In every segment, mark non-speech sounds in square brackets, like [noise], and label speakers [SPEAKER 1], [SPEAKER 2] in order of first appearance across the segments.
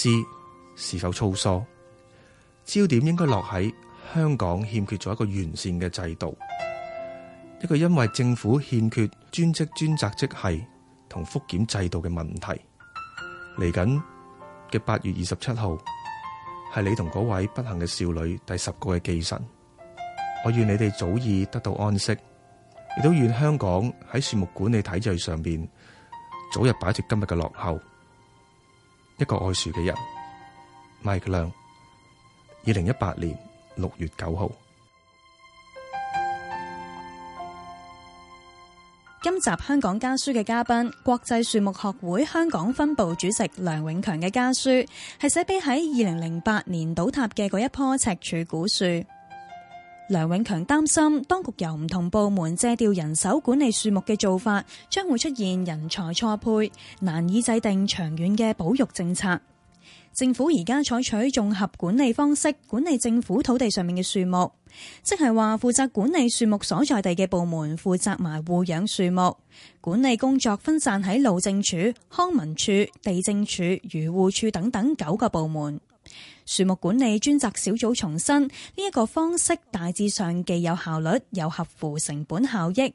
[SPEAKER 1] 知是否粗疏？焦點應該落喺香港欠缺咗一個完善嘅制度，一個因為政府欠缺專職專責職系同複檢制度嘅問題。嚟緊嘅八月二十七號係你同嗰位不幸嘅少女第十個嘅忌辰。我願你哋早已得到安息，亦都願香港喺樹木管理體制上邊早日擺脫今日嘅落後。一個愛樹嘅人，麥亮，二零一八年六月九號。
[SPEAKER 2] 今集香港家書嘅嘉賓，國際樹木學會香港分部主席梁永強嘅家書，係寫俾喺二零零八年倒塌嘅嗰一棵赤柱古樹。梁永強擔心，當局由唔同部門借調人手管理樹木嘅做法，將會出現人才錯配，難以制定長遠嘅保育政策。政府而家採取綜合管理方式管理政府土地上面嘅樹木，即係話負責管理樹木所在地嘅部門負責埋護養樹木管理工作，分散喺路政署、康文署、地政署、漁護署等等九個部門。樹木管理專責小組重申呢一個方式大致上既有效率又合乎成本效益。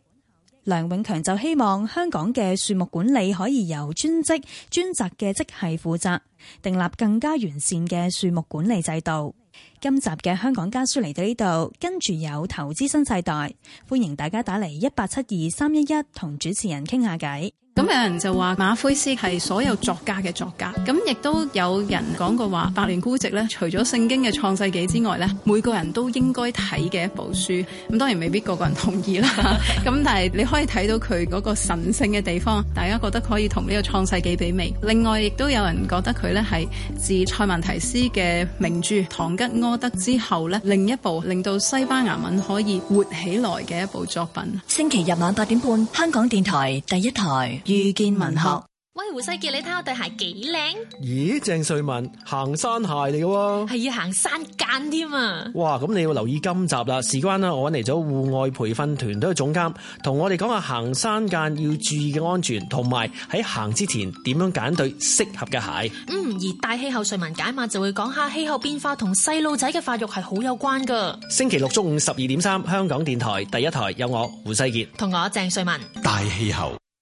[SPEAKER 2] 梁永強就希望香港嘅樹木管理可以由專職專責嘅職系負責，訂立更加完善嘅樹木管理制度。今集嘅香港家書嚟到呢度，跟住有投資新世代，歡迎大家打嚟一八七二三一一同主持人傾下偈。咁有人就話馬奎斯係所有作家嘅作家，咁亦都有人講過話《百年孤寂》呢，除咗聖經嘅創世紀之外呢，每個人都應該睇嘅一部書。咁當然未必個個人同意啦。咁 [laughs] 但係你可以睇到佢嗰個神聖嘅地方，大家覺得可以同呢個創世紀媲美。另外亦都有人覺得佢呢係自塞萬提斯嘅名著《唐吉訶德》之後呢，另一部令到西班牙文可以活起來嘅一部作品。星期日晚八點半，香港電台第一台。遇見文學。喂，胡世杰，你睇下對鞋幾靚？咦，
[SPEAKER 3] 鄭瑞
[SPEAKER 4] 文，行山鞋嚟嘅喎，
[SPEAKER 2] 係要行山澗添啊！
[SPEAKER 4] 哇，咁你要留意今集啦。事關啦，我揾嚟咗戶外培訓團隊嘅總監同我哋講下行山澗要注意嘅安全，同埋喺行之前點樣揀對適合嘅鞋。
[SPEAKER 2] 嗯，而大氣候瑞文解碼就會講下氣候變化同細路仔嘅發育係好有關噶。
[SPEAKER 4] 星期六中午十二點三，香港電台第一台有我胡世杰
[SPEAKER 2] 同我鄭瑞文大
[SPEAKER 4] 氣候。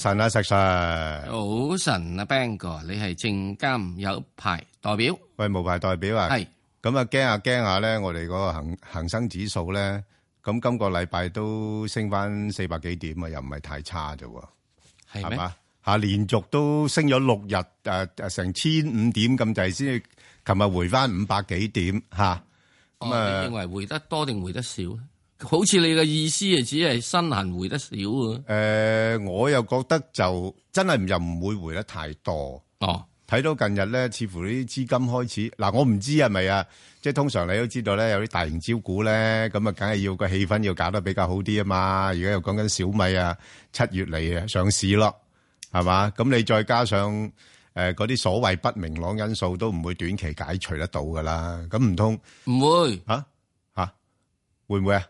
[SPEAKER 1] 神啊，石 Sir，早晨啊，Bang 哥，ingo, 你係證監有牌代表？喂，無牌代表啊？係咁啊，驚下驚下咧，我哋嗰個恒恒生指數咧，咁今個禮拜都升翻四百幾點啊，又唔係太差啫，係咩嗎？吓，連續都升咗六日誒誒，成千五點咁滯先至，琴日回翻五百幾點吓？咁
[SPEAKER 5] 啊，你認為回得多定回得少？
[SPEAKER 1] 好似你嘅意思啊，只係新恒回得少啊、呃。我又覺得就真係又唔會回得太多。哦，睇到近日咧，似乎呢啲資金開始嗱，我唔知係咪啊？即係通常你都知道咧，有啲大型招股咧，咁啊，梗係要個氣氛要搞得比較好啲啊嘛。而家又講緊小米啊，七月嚟啊上市咯，係嘛？咁你再加上誒嗰啲所謂不明朗因素，都唔會短期解除得到噶啦。咁唔通唔會啊？嚇、啊，會唔會啊？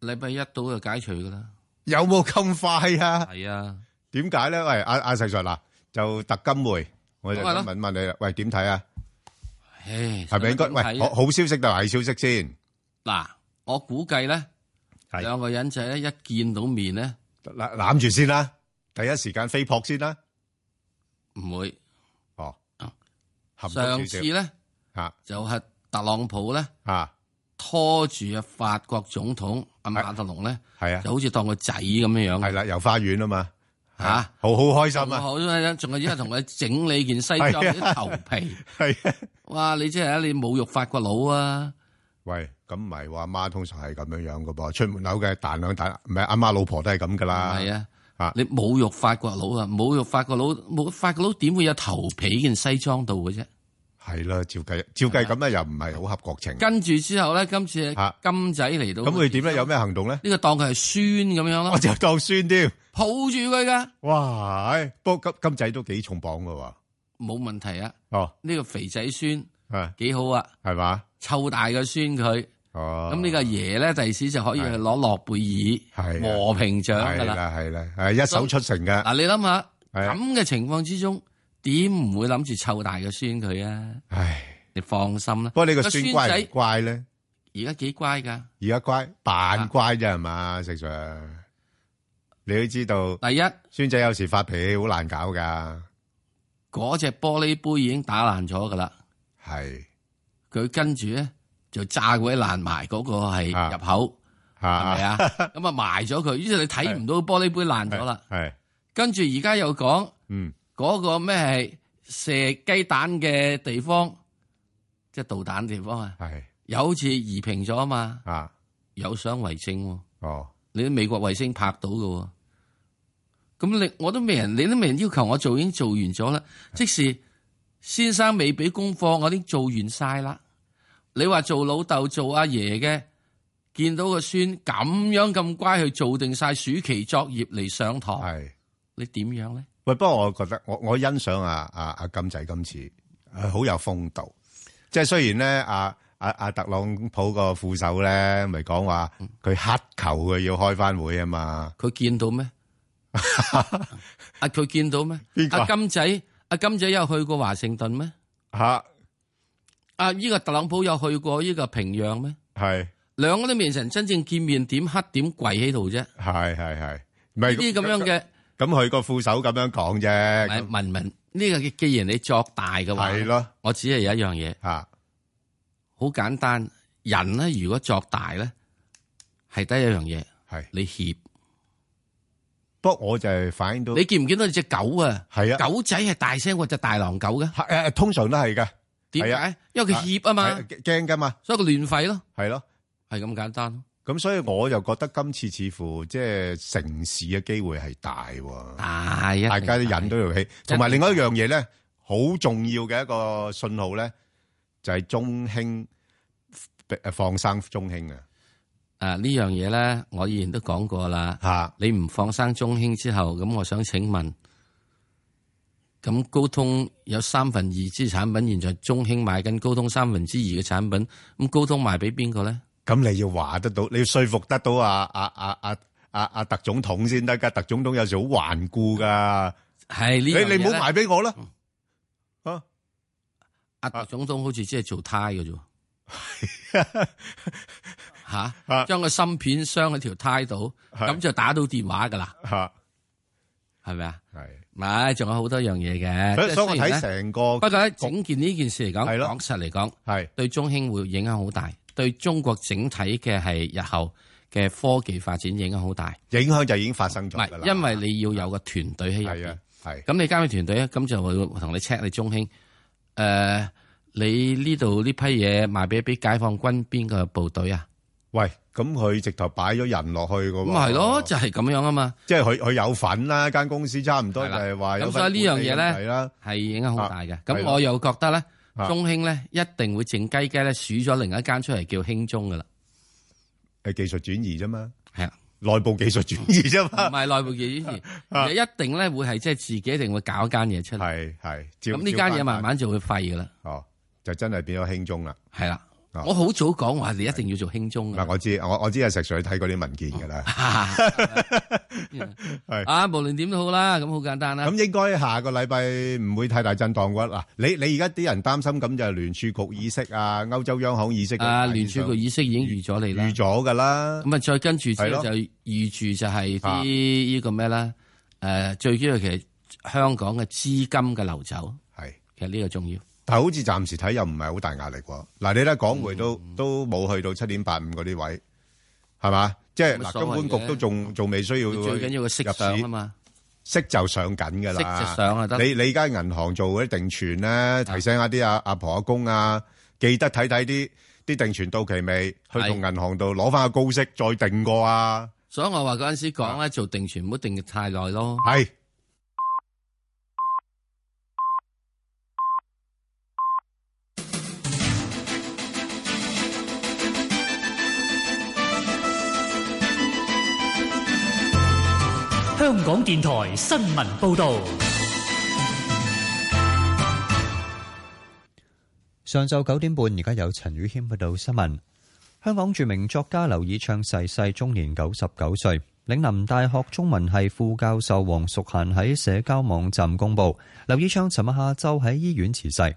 [SPEAKER 1] 禮拜一到就解除噶啦，有冇咁快啊？係啊，點解咧？喂，阿阿細 Sir 嗱，就特金會，我就問問你啦，喂，點睇啊？係咪應該？喂，好好消息定係壞消息先？嗱，我估計咧，兩個人仔一見到面咧，攬攬住先啦，第一時間飛撲先啦，
[SPEAKER 5] 唔會。哦，上次咧，吓就係特朗普咧，吓。拖住啊！法國總統阿馬特龍咧，
[SPEAKER 1] 係啊，就好似當個仔咁樣樣。係啦，遊花園啊嘛嚇，好好開心啊！好
[SPEAKER 5] 開心，仲係依家同佢整理件西裝啲頭
[SPEAKER 1] 皮。係
[SPEAKER 5] 啊，哇！你真係啊，你侮
[SPEAKER 1] 辱法國佬啊！喂，咁唔係話阿媽通常係咁樣樣嘅噃？出門口嘅彈兩彈，唔係阿媽老婆都係咁噶啦。係啊，啊！你侮辱法國佬啊！侮辱法國
[SPEAKER 5] 佬，冇法國佬點會有頭皮件西裝度嘅啫？
[SPEAKER 1] 係啦，照計照計咁咧，又唔係好合國情。
[SPEAKER 5] 跟住之後咧，今次金仔嚟到，咁佢點
[SPEAKER 1] 咧？有咩行動咧？呢個當佢係孫咁樣咯，我就當孫啲，
[SPEAKER 5] 抱住佢噶。
[SPEAKER 1] 哇，不過金金仔都幾重磅噶喎，冇問題啊。哦，呢個肥仔孫啊，幾好啊，
[SPEAKER 5] 係嘛？湊大個孫佢，哦，咁呢個爺咧，第時就可以去攞諾貝爾和平獎噶啦，係啦，係
[SPEAKER 1] 啦，係一手
[SPEAKER 5] 出城嘅。嗱，你諗下，咁嘅情況之中。點唔會諗住湊大個孫佢啊？唉，你放心啦。不過你個孫乖唔
[SPEAKER 1] 乖咧？而家幾乖噶？而家乖，扮乖啫，係嘛？石 Sir，你都知道。第一，孫仔有時發脾氣好難搞噶。嗰隻玻璃杯已經打爛咗噶啦。係。
[SPEAKER 5] 佢跟住咧就炸鬼爛埋嗰個係入口，係咪啊？咁啊埋咗佢，於是你睇唔到玻璃杯爛咗啦。係。跟住而家又講，嗯。嗰個咩係射雞蛋嘅地方，即係導彈地方是有啊？係，又好似移平咗啊嘛？啊，有相為證哦，你啲美國衛星拍到噶，咁你我都未人，你都未人要求我做，已經做完咗啦。是即使先生未俾功課，我已經做完晒啦。你話做老豆做阿爺嘅，見到個孫咁樣咁乖去做定晒暑期作業嚟上台，是你點樣咧？
[SPEAKER 1] 喂，不過我覺得我我欣賞阿阿阿金仔今次係好有風度，即係雖然咧阿阿阿特朗普個副手咧，咪講話佢乞求佢要開翻會啊嘛？佢見到咩？啊佢見到咩？
[SPEAKER 5] 阿金仔阿金仔有去過華盛頓咩？吓？啊呢個特朗普有去過呢個平壤咩？係。兩個都面神真正見面點乞點跪喺度啫。係係係，呢啲咁樣嘅。咁佢個副手咁樣講啫，文文呢個既然你作大嘅話，係咯，我只係有一樣嘢吓，好簡單。人咧如果作大咧，係得一樣嘢，
[SPEAKER 1] 係你怯。不過我就係反映到你見唔見到你隻狗啊？係啊，狗仔係大聲過隻大狼狗嘅，誒誒，通常都係㗎。點啊？因為佢怯啊嘛，驚噶嘛，所以佢亂吠咯。係咯，係咁簡單。咁所以我又覺得今次似乎即係城市嘅機會係大喎，係啊，大家都引到條氣。同埋另外一樣嘢咧，好重要嘅一個信號咧，就係中興，誒放生中興嘅。誒呢樣嘢咧，我以前
[SPEAKER 5] 都講過啦。嚇，你唔放生中興之後，咁我想請問，咁高通有三分二支產品，現在中興買緊高通三分之二
[SPEAKER 1] 嘅產品，咁高通賣俾邊個咧？咁你要話得到，你要說服得到啊啊啊啊啊啊特總統先得噶，特總統有時好頑固噶。係呢，你你唔好賣俾我啦。啊，阿特總統好似只係做胎噶
[SPEAKER 5] 啫。吓，將個芯片鑲喺條胎度，咁就打到電話噶啦。吓，係咪啊？係，唔係仲有好多樣嘢嘅。即係所以我睇成個，不過喺整件呢件事嚟講，確實嚟講，係對中興會影響好大。對中國整體嘅係日後嘅科技發展影響好大，影響就已經發生咗啦。唔係，因為你要有個團隊喺入邊，係啊，係。咁你加入團隊啊？咁就會同你 check 你中興，誒，你呢度呢批嘢
[SPEAKER 1] 賣俾俾解放軍邊個部隊啊？喂，咁佢直頭擺咗人落去嘅喎。咁係咯，就係咁樣啊嘛。即係佢佢有份啦，間公司差唔多就係話有。咁所以呢
[SPEAKER 5] 樣嘢咧，係影響好大嘅。咁我又覺得咧。中興咧一定會靜雞雞咧數咗另一間出嚟叫興中噶啦，
[SPEAKER 1] 係技術轉移啫嘛，係啊，內部技術轉
[SPEAKER 5] 移啫嘛，唔係內部技術轉移，而一定咧會係即係自己一定會搞
[SPEAKER 1] 一間嘢出嚟，係係，咁呢間嘢慢慢就會廢噶啦，哦，就真係變咗興中啦，係啦。哦、我好早講話對你一定要做輕中嗱。我知，我我知阿石 Sir 睇過啲文件噶啦，哦。係啊， [laughs] 啊，無論點都好啦，咁好簡單啦，啊。咁應該下個禮拜唔會太大震盪嘅啦。你你而家啲人擔心咁就聯儲局議息啊，歐洲央行議息啊。啊，聯儲局議息已經預咗你啦。預咗噶啦。
[SPEAKER 5] 咁啊，再跟住就預住就係啲呢個咩啦？誒，最主要其實香港嘅
[SPEAKER 1] 資金嘅流走係，是其實呢個重要。但係好似暫時睇又唔係好大壓力喎。嗱，你咧港匯都都冇去到七點八五嗰啲位，係嘛？即係嗱，金管局都仲仲未需要入市，最緊要個息上啊嘛，息就上緊噶啦。息上啊得。你你而家銀行做啲定存咧，提醒下啲阿阿婆阿公啊，記得睇睇啲啲定存到期未，去同銀行度攞翻個高息再定過啊。所以我話嗰陣時講
[SPEAKER 5] 咧，做定存唔好定太耐咯。係。
[SPEAKER 4] 香港電臺新聞報道：
[SPEAKER 6] 上晝九點半，而家有陳宇謙報道新聞。香港著名作家劉以鬯逝世，終年九十九歲。嶺南大學中文系副教授黃淑嫻喺社交網站公布，劉以鬯尋日下晝喺醫院辭世。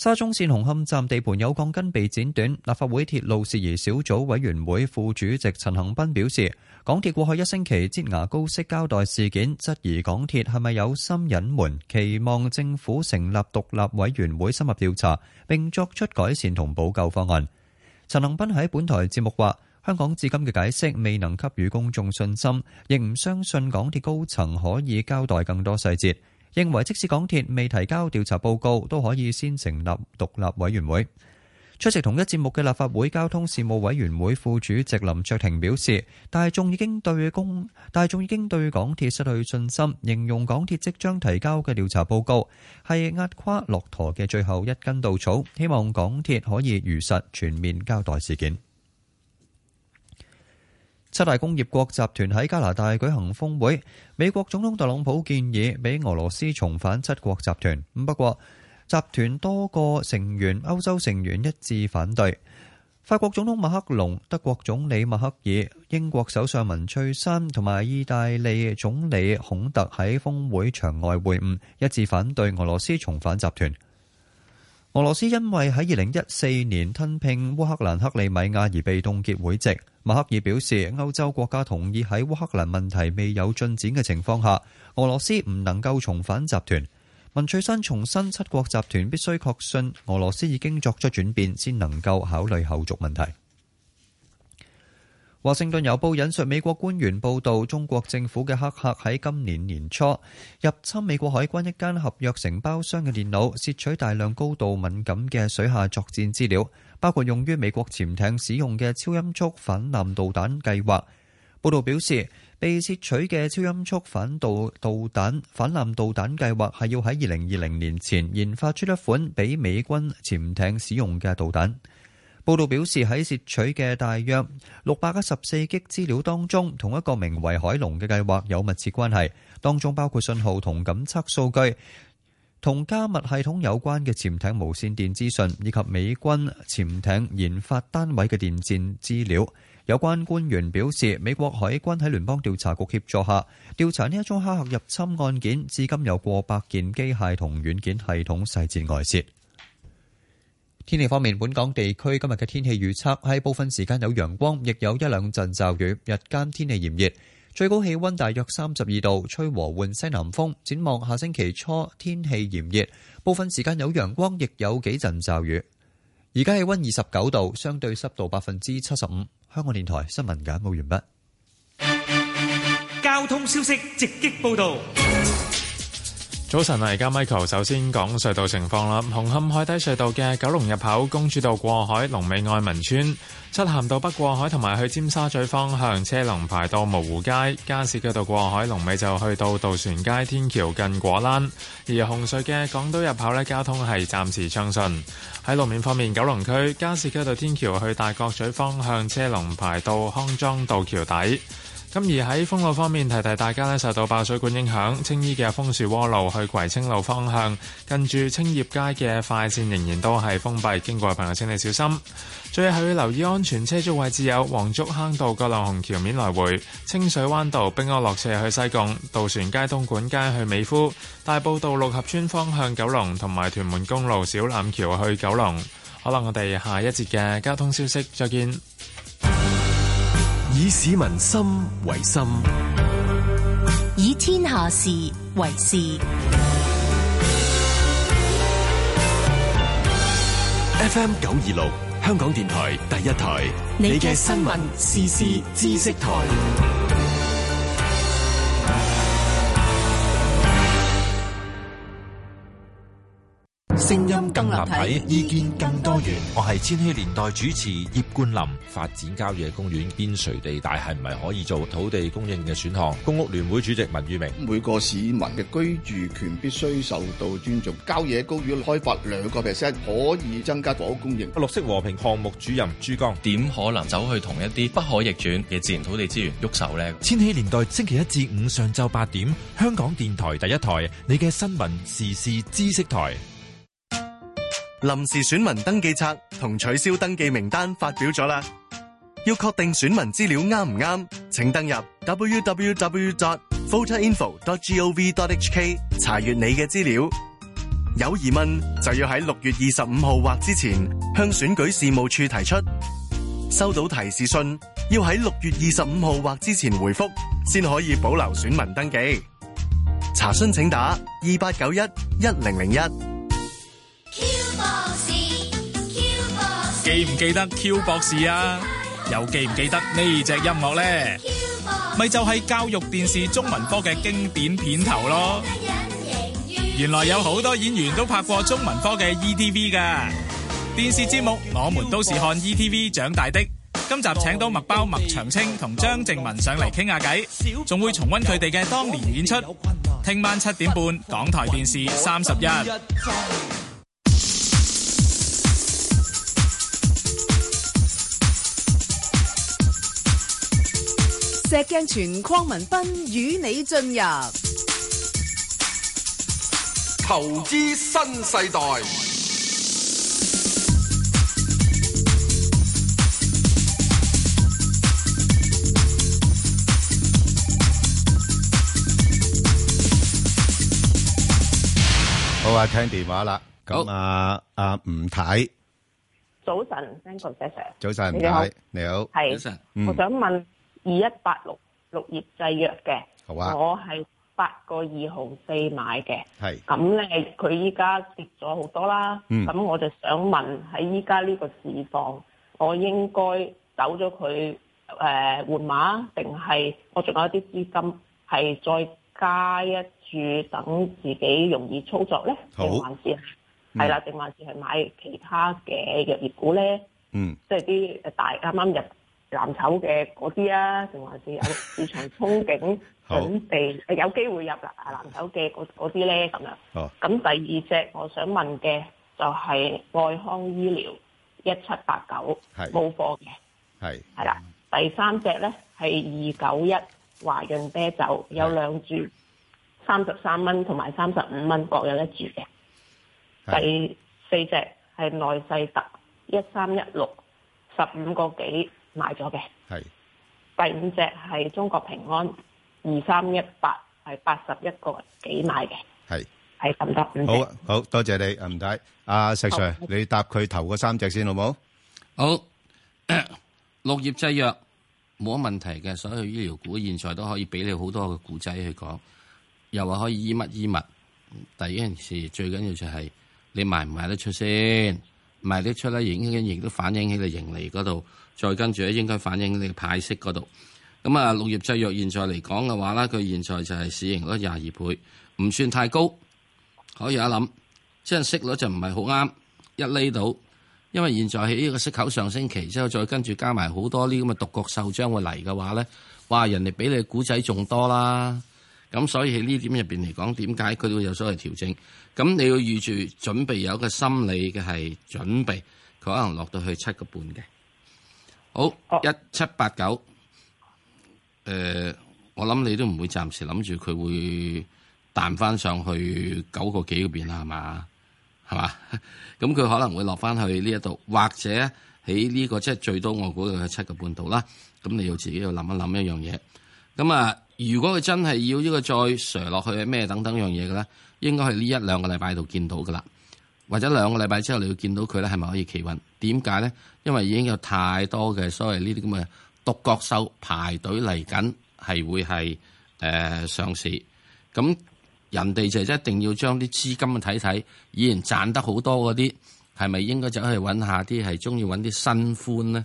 [SPEAKER 6] 沙中線紅磡站地盤有鋼筋被剪短，立法會鐵路事宜小組委員會副主席陳恒斌表示，港鐵過去一星期擠牙膏式交代事件，質疑港鐵係咪有心隱瞞，期望政府成立獨立委員會深入調查並作出改善同補救方案。陳恒斌喺本台節目話：香港至今嘅解釋未能給予公眾信心，亦唔相信港鐵高層可以交代更多細節。認為即使港鐵未提交調查報告，都可以先成立獨立委員會。出席同一節目嘅立法會交通事務委員會副主席林卓廷表示，大眾已經對公大眾已經對港鐵失去信心，形容港鐵即將提交嘅調查報告係壓垮駱駝嘅最後一根稻草，希望港鐵可以如實全面交代事件。七大工業國集團喺加拿大舉行峰會，美國總統特朗普建議俾俄羅斯重返七國集團。不過，集團多個成員，歐洲成員一致反對。法國總統馬克龍、德國總理默克爾、英國首相文翠珊同埋意大利總理孔特喺峰會場外會晤，一致反對俄羅斯重返集團。俄羅斯因為喺二零一四年吞併烏克蘭克里米亞而被凍結會籍。默克爾表示，歐洲國家同意喺烏克蘭問題未有進展嘅情況下，俄羅斯唔能夠重返集團。文翠珊重申，七國集團必須確信俄羅斯已經作出轉變，先能夠考慮後續問題。華盛頓郵報引述美國官員報道，中國政府嘅黑客喺今年年初入侵美國海軍一間合約承包商嘅電腦，竊取大量高度敏感嘅水下作戰資料，包括用於美國潛艇使用嘅超音速反艦導彈計劃。報道表示，被竊取嘅超音速反導導彈反艦導彈計劃係要喺二零二零年前研發出一款俾美軍潛艇使用嘅導彈。報道表示，喺竊取嘅大約六百一十四擊資料當中，同一個名為海龍嘅計劃有密切關係。當中包括信號同感測數據、同加密系統有關嘅潛艇無線電資訊，以及美軍潛艇研發單位嘅電戰資料。有關官員表示，美國海軍喺聯邦調查局協助下調查呢一宗黑客入侵案件，至今有過百件機械同軟件系統細節外泄。天氣方面，本港地區今日嘅天氣預測喺部分時間有陽光，亦有一兩陣驟雨，日間天氣炎熱，最高氣溫大約三十二度，吹和緩西南風。展望下星期初天氣炎熱，部分時間有陽光，亦有幾陣驟雨。而家氣溫二十九度，相對濕度百分之七十五。香港電台新聞簡報完畢。
[SPEAKER 4] 交通消息直擊報道。
[SPEAKER 3] 早晨啊！而家 Michael 首先講隧道情況啦。紅磡海底隧道嘅九龍入口、公主道過海、龍尾愛民村、漆咸道北過海同埋去尖沙咀方向車龍排到蕪湖街；加士居道過海龍尾就去到渡船街天橋近果欄。而紅隧嘅港島入口咧，交通係暫時暢順。喺路面方面，九龍區加士居道天橋去大角咀方向車龍排到康莊道橋底。咁而喺封路方面，提提大家咧，受到爆水管影響，青衣嘅楓樹窩路去葵青路方向，近住青葉街嘅快綫仍然都係封閉，經過嘅朋友請你小心。最後要留意安全車速位置有黃竹坑道、葛量洪橋面來回、清水灣道、壁屋落斜去西貢、渡船街、東莞街去美孚、大埔道六合村方向九龍同埋屯門公路小欖橋去九龍。好啦，我哋下一節嘅交通消息再見。以市民心為心，
[SPEAKER 2] 以天下事為事。
[SPEAKER 4] FM 九二六，香港電台第一台，你嘅新聞、
[SPEAKER 3] 時事、
[SPEAKER 4] 知識台。聲音更立,更,更立體，意見更多元。我係千禧年代主持葉冠林。發展郊野公園邊陲地帶係咪可以做土地供應嘅選
[SPEAKER 7] 項？公屋聯會主席文宇明：每個市民嘅居住權必須受到尊重。郊野公園開發兩個 percent 可以增加房屋供應。綠色和平項目主任
[SPEAKER 4] 朱江：點可能走去同一啲不可逆轉嘅自然土地資源
[SPEAKER 3] 喐手呢？千禧年代星期一至五上晝八點，香港電台第一台，你嘅新聞時事知
[SPEAKER 4] 識台。臨時選民登記冊同取消登記名單發表咗啦，要確定選民資料啱唔啱，請登入
[SPEAKER 1] www.voterinfo.gov.hk 查閱你嘅資料。有疑問就要喺六月二十五號或之前向選舉事務處提出。
[SPEAKER 4] 收到提示信要喺六月二十五號或之前回覆，先可以保留選民登記。查詢請打二八九一一零零一。
[SPEAKER 8] Q 博士，記唔
[SPEAKER 4] 記得 Q 博士啊？又記唔記得呢隻音樂呢？咪就係教育電視中文科嘅經典片頭咯。原來有好多演員都拍過中文科嘅 ETV 㗎電視節目，我們都是看 ETV 長大的。今集請到麥包麥長青同張靜文上嚟傾下偈，仲會重温佢哋嘅當年演出。聽晚七點半，港台電視三十一。
[SPEAKER 2] 石鏡泉，鄺民彬與你進入
[SPEAKER 7] 投資新世代。
[SPEAKER 1] 好啊，聽電話啦。咁好啊，阿、啊、吳太，
[SPEAKER 9] 早晨上
[SPEAKER 1] 早晨上，唔該，吳太，你好，
[SPEAKER 9] 係是，Sir 我想問。嗯二一八六綠葉製藥嘅，好啊、我係八個二號四買嘅，
[SPEAKER 1] 係咁咧，
[SPEAKER 9] 佢依家跌咗好多啦，咁、嗯、我就想問喺依家呢個市況，我應該走咗佢誒換馬，定係我仲有一啲資金係再加一注，等自己容易操作咧？定好還是係啦？定、嗯、還是係買其他嘅藥業股咧？
[SPEAKER 8] 嗯，
[SPEAKER 9] 即係啲大啱啱入。藍籌嘅嗰啲啊，定還是有市場憧憬，準備 [laughs] 好、哎、有機會入啦，啊藍籌嘅嗰啲呢？咁樣好。咁第二隻我想問嘅就係愛康醫療一七八九冇貨嘅係係啦，第三隻呢，係二九一華潤啤酒有兩注三十三蚊同埋三十五蚊各有一注嘅。是第四隻係耐世特一三一六十五個幾。買咗嘅係第五隻係中國平安二三一八，係八十一個幾買嘅
[SPEAKER 1] 係係咁得。好啊，好多謝你啊，唔該阿石 Sir，好你答佢頭嗰三隻先好冇？好，綠葉製藥冇乜問題嘅，所有醫療股現在都可以俾你
[SPEAKER 5] 好多嘅股仔去講，又話可以醫乜醫物。第一件事最緊要就係你賣唔賣得出先，賣得出咧，影響亦都反映喺你盈利嗰度。再跟住咧，應該反映你派息嗰度咁啊。綠葉製藥現在嚟講嘅話咧，佢現在就係市盈率廿二倍，唔算太高。可以一諗，即係息率就唔係好啱一呢到，因為現在喺呢個息口上升期之後，再跟住加埋好多呢咁嘅獨角獸將會嚟嘅話咧，哇！人哋俾你股仔仲多啦。咁所以喺呢點入邊嚟講，點解佢會有所謂調整？咁你要預住準備有一個心理嘅係準備，佢可能落到去七個半嘅。好一七八九，誒、呃，我諗你都唔會暫時諗住佢會彈翻上去九個幾嗰邊啦，係嘛，係嘛，咁 [laughs] 佢可能會落翻去呢一度，或者喺呢、這個即係、就是、最多我估佢七個半度啦。咁你要自己要諗一諗一樣嘢。咁啊，如果佢真係要呢個再 drop 落去咩等等樣嘢嘅咧，應該係呢一兩個禮拜度見到噶啦。或者兩個禮拜之後，你會見到佢咧，係咪可以企穩？點解咧？因為已經有太多嘅所謂呢啲咁嘅獨角獸排隊嚟緊，係會係誒上市。咁人哋就一定要將啲資金睇睇，以前賺得好多嗰啲，係咪應該可以揾下啲係中意揾啲新歡咧？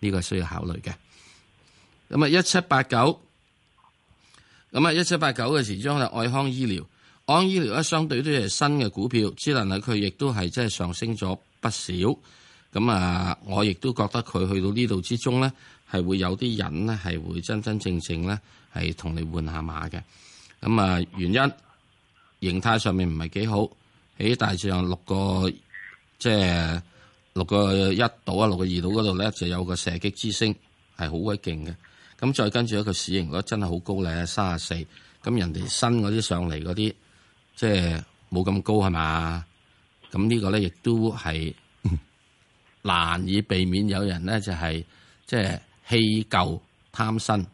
[SPEAKER 5] 呢、這個需要考慮嘅。咁啊，一七八九，咁啊，一七八九嘅時鐘係愛康醫療。安醫療咧，相對都係新嘅股票，只能係佢亦都係即係上升咗不少。咁啊，我亦都覺得佢去到呢度之中咧，係會有啲人咧係會真真正正咧係同你換下馬嘅。咁啊，原因形態上面唔係幾好，喺大致上六個即係六個一度啊，六個二度嗰度咧就有個射擊之星，係好鬼勁嘅。咁再跟住一個市盈率真係好高咧，三十四，咁人哋新嗰啲上嚟嗰啲。即係冇咁高係嘛？咁呢個咧，亦都係 [laughs] 難以避免有人咧，就係、是、即係棄舊貪新。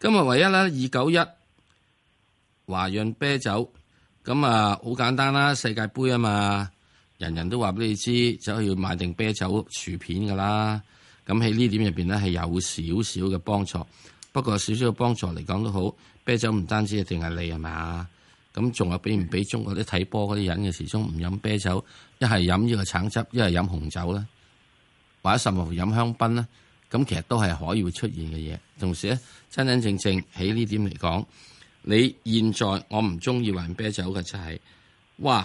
[SPEAKER 5] 今日唯一咧，二九一華潤啤酒咁啊，好簡單啦。世界盃啊嘛，人人都話俾你知，就要買定啤酒薯片噶啦。咁喺呢點入面咧，係有少少嘅幫助。不過少少嘅幫助嚟講都好，啤酒唔單止一定係你係嘛。咁仲有俾唔俾中國啲睇波嗰啲人嘅，始終唔飲啤酒，一係飲呢個橙汁，一係飲紅酒咧，或者甚至乎飲香檳咧，咁其實都係可以會出現嘅嘢。同時咧，真真正正喺呢點嚟講，你現在我唔中意飲啤酒嘅就係，哇！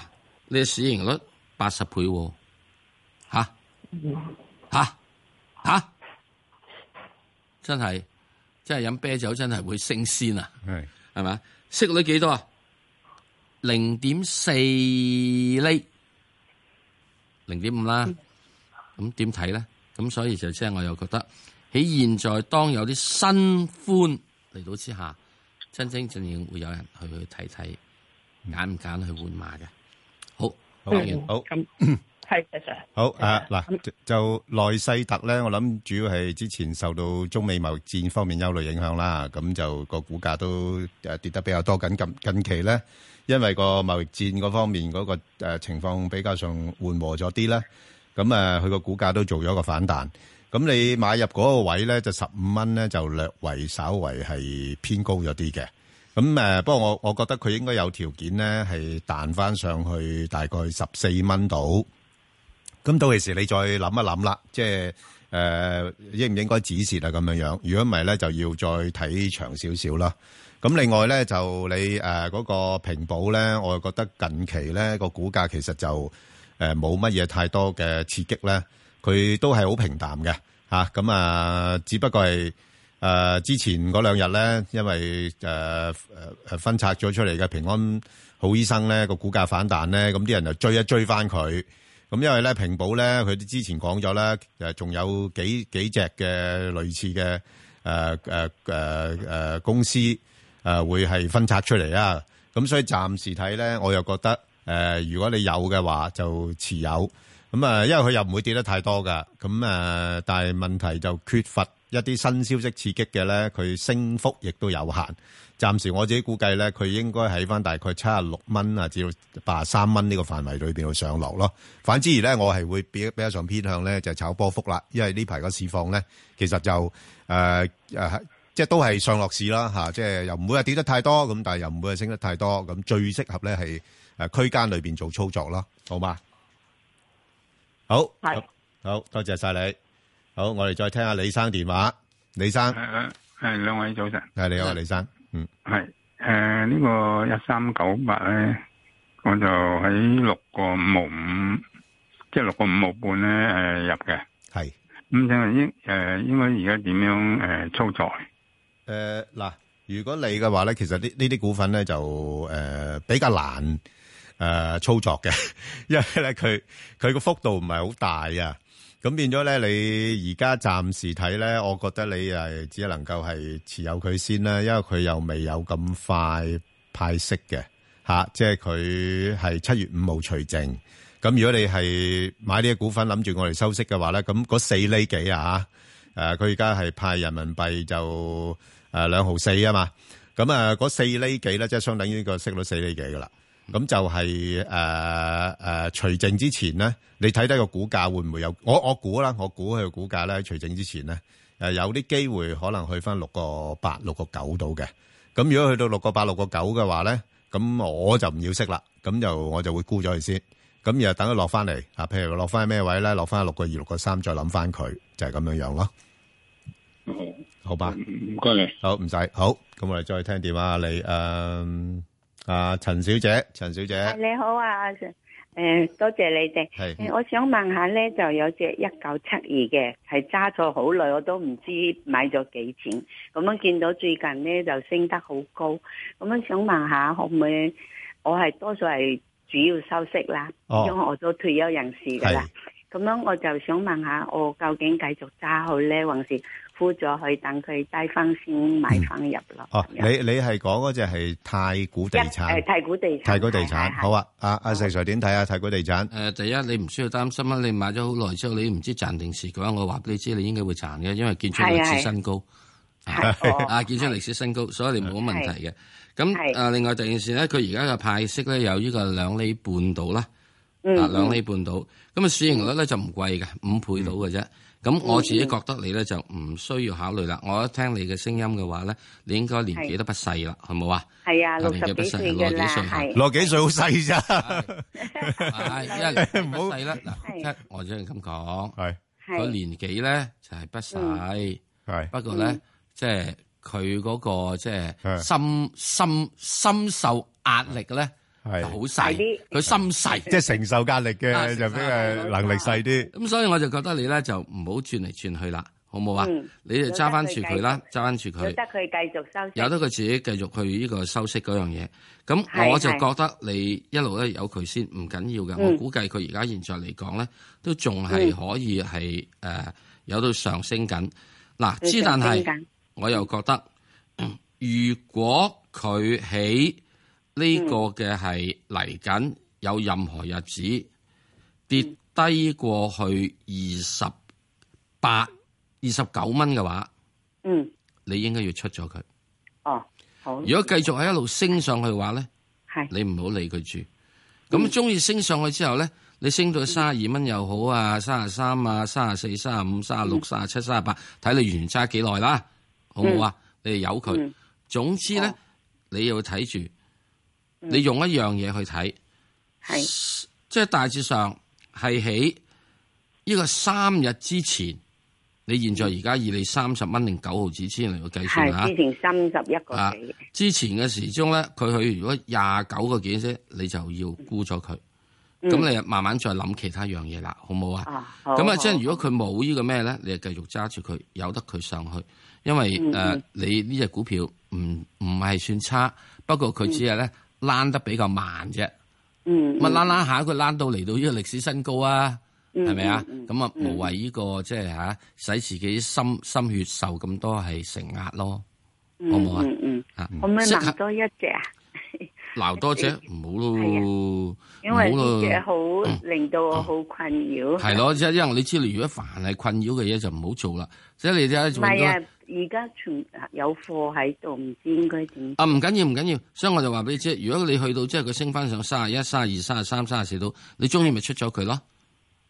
[SPEAKER 5] 你嘅市盈率八十倍喎，吓、啊？
[SPEAKER 8] 吓、啊啊啊、
[SPEAKER 5] 真係真係飲啤酒真係會升仙啊！係咪是？嘛？息率幾多啊？零點四厘，零點五啦，咁點睇咧？咁所以就即係我又覺得喺現在當有啲新歡嚟到之下，真真正正會有人去去睇睇，揀唔揀去換馬嘅？
[SPEAKER 1] 好，好歡迎，好好 [coughs]
[SPEAKER 8] 係，
[SPEAKER 1] 好的啊嗱，啦就耐世就就特咧，我諗主要係之前受到中美貿易戰方面憂慮影響啦，咁就個股價都誒跌得比較多近。近近近期咧，因為個貿易戰嗰方面嗰、個誒、啊、情況比較上緩和咗啲咧，咁誒佢個股價都做咗一個反彈。咁你買入嗰個位咧就十五蚊咧，就略為稍為係偏高咗啲嘅。咁誒、啊，不過我我覺得佢應該有條件咧係彈翻上去大概十四蚊到。咁到時你再諗一諗啦，即係誒、呃、應唔應該止蝕啊？咁樣樣，如果唔係咧，就要再睇長少少啦。咁另外咧，就你誒嗰、呃那個平保咧，我覺得近期咧個股價其實就誒冇乜嘢太多嘅刺激咧，佢都係好平淡嘅吓。咁啊，啊，只不過係誒、呃、之前嗰兩日咧，因為誒誒、呃、分拆咗出嚟嘅平安好醫生咧個股價反彈咧，咁啲人就追一追翻佢。咁因為咧，平保咧，佢之前講咗咧，誒仲有幾幾隻嘅類似嘅誒誒誒公司誒、呃、會係分拆出嚟啊。咁所以暫時睇咧，我又覺得誒、呃，如果你有嘅話就持有咁啊，因為佢又唔會跌得太多㗎。咁啊，但係問題就缺乏一啲新消息刺激嘅咧，佢升幅亦都有限。暫時我自己估計咧，佢應該喺翻大概七十六蚊啊，至到八十三蚊呢個範圍裏邊去上落咯。反之而咧，我係會比比較上偏向咧，就係炒波幅啦。因為呢排個市況咧，其實就誒、呃呃、即係都係上落市啦吓，即係又唔會話跌得太多咁，但係又唔會話升得太多咁，最適合咧係誒區間裏邊做操作咯，好嗎？好，是好，好多謝晒你。好，我哋再聽下李生電話。李生，係兩位早晨，係你好，李生。嗯，係誒，呃這個、呢個一三九八咧，我就喺
[SPEAKER 7] 六個五毫五，即係六個五毫半咧誒入嘅。係咁
[SPEAKER 1] 是，請問、嗯呃、應誒應該而家點樣誒、呃、操作誒？嗱、呃，如果你嘅話咧，其實呢呢啲股份咧就誒、呃、比較難誒、呃、操作嘅，因為咧佢佢個幅度唔係好大啊。咁變咗咧，你而家暫時睇咧，我覺得你係只能夠係持有佢先啦，因為佢又未有咁快派息嘅、啊、即係佢係七月五號除淨。咁如果你係買啲股份，諗住我嚟收息嘅話咧，咁嗰四厘幾啊嚇，佢而家係派人民幣就誒兩毫四啊嘛，咁啊嗰四厘幾咧，即係相等於個息率四厘幾噶啦。咁就係誒誒除淨之前咧，你睇睇個股價會唔會有？我我估啦，我估佢股價咧除淨之前咧，誒、呃、有啲機會可能去翻六個八、六個九度嘅。咁如果去到六個八、六個九嘅話咧，咁我就唔要息啦。咁就我就會沽咗佢先。咁然後等佢落翻嚟啊，譬如落翻咩位咧？落翻六個二、六個三，再諗翻佢就係咁樣樣咯。
[SPEAKER 8] 好、
[SPEAKER 1] 嗯，好吧。唔該、嗯、你。好唔使好。咁我哋再聽電話、啊，你誒。嗯啊，陳小姐，
[SPEAKER 9] 陳小姐，你好啊，誒、嗯，多謝你哋。係是，我想問一下呢，就有隻一九七二嘅係揸咗好耐，我都唔知買咗幾錢。咁樣見到最近呢，就升得好高，咁樣想問下可唔可以？我係多數係主要收息啦，哦、因為我都退休人士噶啦。咁是樣我就想問下，我究竟繼續揸好呢，還是？沽咗
[SPEAKER 1] 佢，等佢低翻先買翻入咯。哦，你你係講嗰隻係太古地產，太古地產，太古地產，好啊。阿阿世財點睇啊？太古地產，誒，第一你唔需要
[SPEAKER 5] 擔心啊。你買咗好耐之後，你唔知賺定蝕嘅話，我話俾你知，你應該會賺嘅，因為建出歷史新高，啊，建出歷史新高，所以你冇問題嘅。咁啊，另外第二件事咧，佢而家嘅派息咧有依個兩厘半到啦，
[SPEAKER 8] 啊，兩厘
[SPEAKER 5] 半到，咁啊市盈率咧就唔貴嘅，五倍到嘅啫。咁我自己覺得你咧就唔需要考慮啦。我一聽你嘅聲音嘅話咧，你應該年紀都不細啦，係冇啊？係啊，六十幾歲嘅啦，係。六十幾歲好細咋，因為你唔好
[SPEAKER 1] 細啦嗱。
[SPEAKER 5] 我只係咁講，係個年紀咧就係不細，係不過咧即係佢嗰個即係深深深受壓力咧。係好細，佢心細，即係承受壓力嘅就比能力細啲。咁所以我就覺得你咧就唔好轉嚟轉去啦，好唔好啊？你就揸翻住佢啦，揸翻住佢。由得
[SPEAKER 10] 佢繼續收。由得佢
[SPEAKER 5] 自己繼續去呢個收息嗰樣嘢。咁我就覺得你一路咧有佢先唔緊要嘅。我估計佢而家現在嚟講咧都仲係可以係誒有到上升緊。嗱，之但係我又覺得如果佢喺呢個嘅係嚟緊有任何日子跌低過去二十八、二十九蚊嘅話，嗯，你應該要出咗佢。哦，
[SPEAKER 8] 好。如果繼
[SPEAKER 5] 續喺一路升上去嘅話咧，係是你唔好理佢住。咁鍾意升上去之後咧，你升到三十二蚊又好啊，三十三啊，三十四、三十五、三十六、三十七、三十八，睇你懸差幾耐啦，好唔好啊？嗯、你由佢。嗯、總之咧，哦、你要睇住。你用一樣嘢去睇，係、嗯、即係，大致上係喺呢個三日之前，你現在而家以你三十蚊零九毫子先嚟，去計算吓，
[SPEAKER 9] 之前三十
[SPEAKER 5] 一個、啊、之前嘅時鐘咧，佢、嗯、去如果廿九個幾先，你就要沽咗佢。
[SPEAKER 8] 咁、嗯、你
[SPEAKER 5] 慢慢再諗其他樣嘢啦，好唔好啊？
[SPEAKER 8] 咁啊，即
[SPEAKER 5] 係如果佢冇呢個咩咧，你就繼續揸住佢，由得佢上去，因為誒、嗯呃，你呢隻股票唔唔係算差，不過佢只係咧。嗯躝得比較慢啫，咪躝躝下佢躝到嚟到呢個歷史新高啊，
[SPEAKER 8] 係咪啊？
[SPEAKER 5] 咁啊無謂呢個即係吓，使自己心心血受咁多係承壓咯，
[SPEAKER 8] 好唔好啊？
[SPEAKER 5] 啊，我咪留多一隻啊，撈多隻唔好咯，因為呢嘢好令到我好困擾。
[SPEAKER 9] 係咯，
[SPEAKER 5] 即係因為你知道，如果凡係困擾嘅嘢就唔好做啦，即係你睇住個。而家存有貨喺度，唔知應該點？啊，唔緊要，唔緊要，所以我就話俾你知，如果你去到即係佢升翻上三十一、三十二、三十三、三十四度，你中意咪出咗佢咯，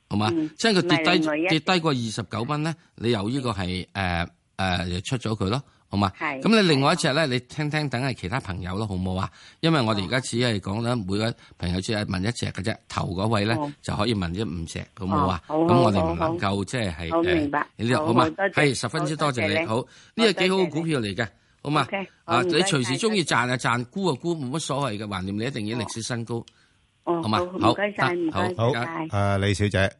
[SPEAKER 5] 好嘛？即係佢跌低跌低過二十九蚊咧，你由呢個係誒誒，出咗佢咯。好嘛？係咁，你另外一隻咧，你聽聽等係其他朋友咯，好冇啊？因為我哋而家只係講咧，每個朋友只係問一隻嘅啫，頭嗰位咧就可以問一五隻，好冇啊？咁我哋唔能夠，即係係誒，呢度好嘛？係十分之多謝你，好呢個幾好嘅股票嚟嘅，好嘛？啊，你隨時中意賺啊賺，沽啊沽，冇乜所謂嘅，還念你一定要歷史新高，
[SPEAKER 8] 好
[SPEAKER 1] 嘛？好好好晒，唔該晒，誒，李小姐。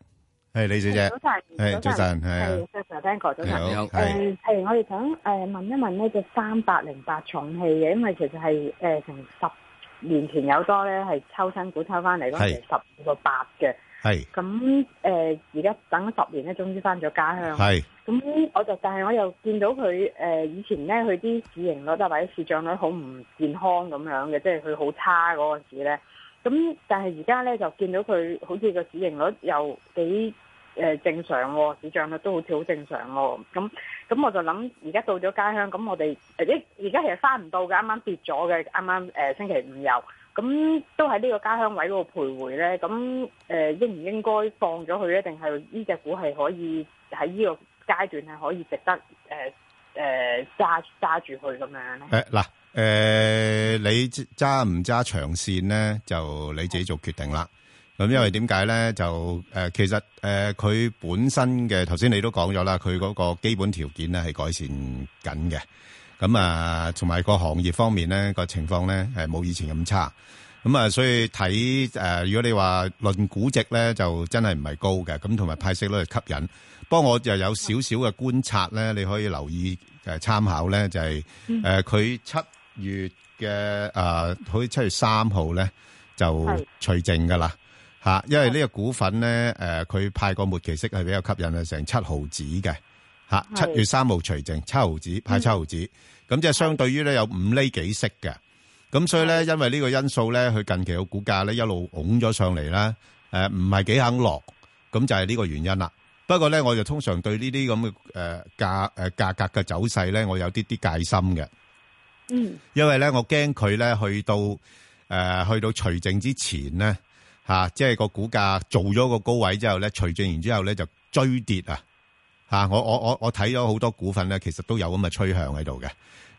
[SPEAKER 1] 係李、hey, 小姐，係、
[SPEAKER 11] hey, 早晨，hey, hey, 早晨上，係早晨，我哋想誒問一問呢隻三百零八重氣嘅，因為其實係誒、呃、從十年前有多咧，係抽新股抽翻嚟嗰陣係十個八嘅，係 Hey.。咁誒而家等咗十年咧，終於翻咗家鄉係。咁 Hey. 我就但係我又見到佢誒、呃、以前咧，佢啲市盈率或者市賬率好唔健康咁樣嘅，即係佢好差嗰陣時咧。咁但係而家咧就見到佢好似個市盈率又幾。誒正常喎，市賬率都好似好正常喎。咁咁我就諗，而家到咗家鄉，咁我哋一而家其實翻唔到㗎，啱啱跌咗嘅，啱啱誒星期五又，咁都喺呢個家鄉位嗰度徘徊咧。咁誒應唔應該放咗佢咧？定係呢隻股係可以喺呢個階段係可以值得誒誒揸揸住佢咁樣咧？
[SPEAKER 1] 誒嗱，誒你揸唔揸長線咧？就你自己做決定啦。咁因為點解咧？就誒、呃，其實誒，佢、呃、本身嘅頭先你都講咗啦，佢嗰個基本條件咧係改善緊嘅。咁、嗯、啊，同埋個行業方面咧個情況咧係冇以前咁差。咁、嗯、啊，所以睇誒、呃，如果你話論估值咧，就真係唔係高嘅。咁同埋派息率係吸引。不過我又有少少嘅觀察咧，你可以留意誒參、啊、考咧，就係誒佢七月嘅誒，好似七月三號咧就除淨㗎喇。吓，因為呢個股份咧，誒、呃，佢派個末期息係比較吸引啊，成七毫子嘅，吓、啊、七是月三號除淨七毫子派七毫子，咁、嗯、即係相對於咧有五厘幾息嘅，咁所以咧因為呢個因素咧，佢近期個股價咧一路拱咗上嚟啦，誒、呃，唔係幾肯落，咁就係呢個原因啦。不過咧，我就通常對呢啲咁嘅誒價誒、呃、價格嘅走勢咧，我有啲啲戒心嘅，嗯，因為咧我驚佢咧去到誒、呃、去到除剩之前咧。吓、啊，即係個股價做咗個高位之後咧，除淨完之後咧就追跌啊！吓，我我我我睇咗好多股份咧，其實都有咁嘅趨向喺度嘅。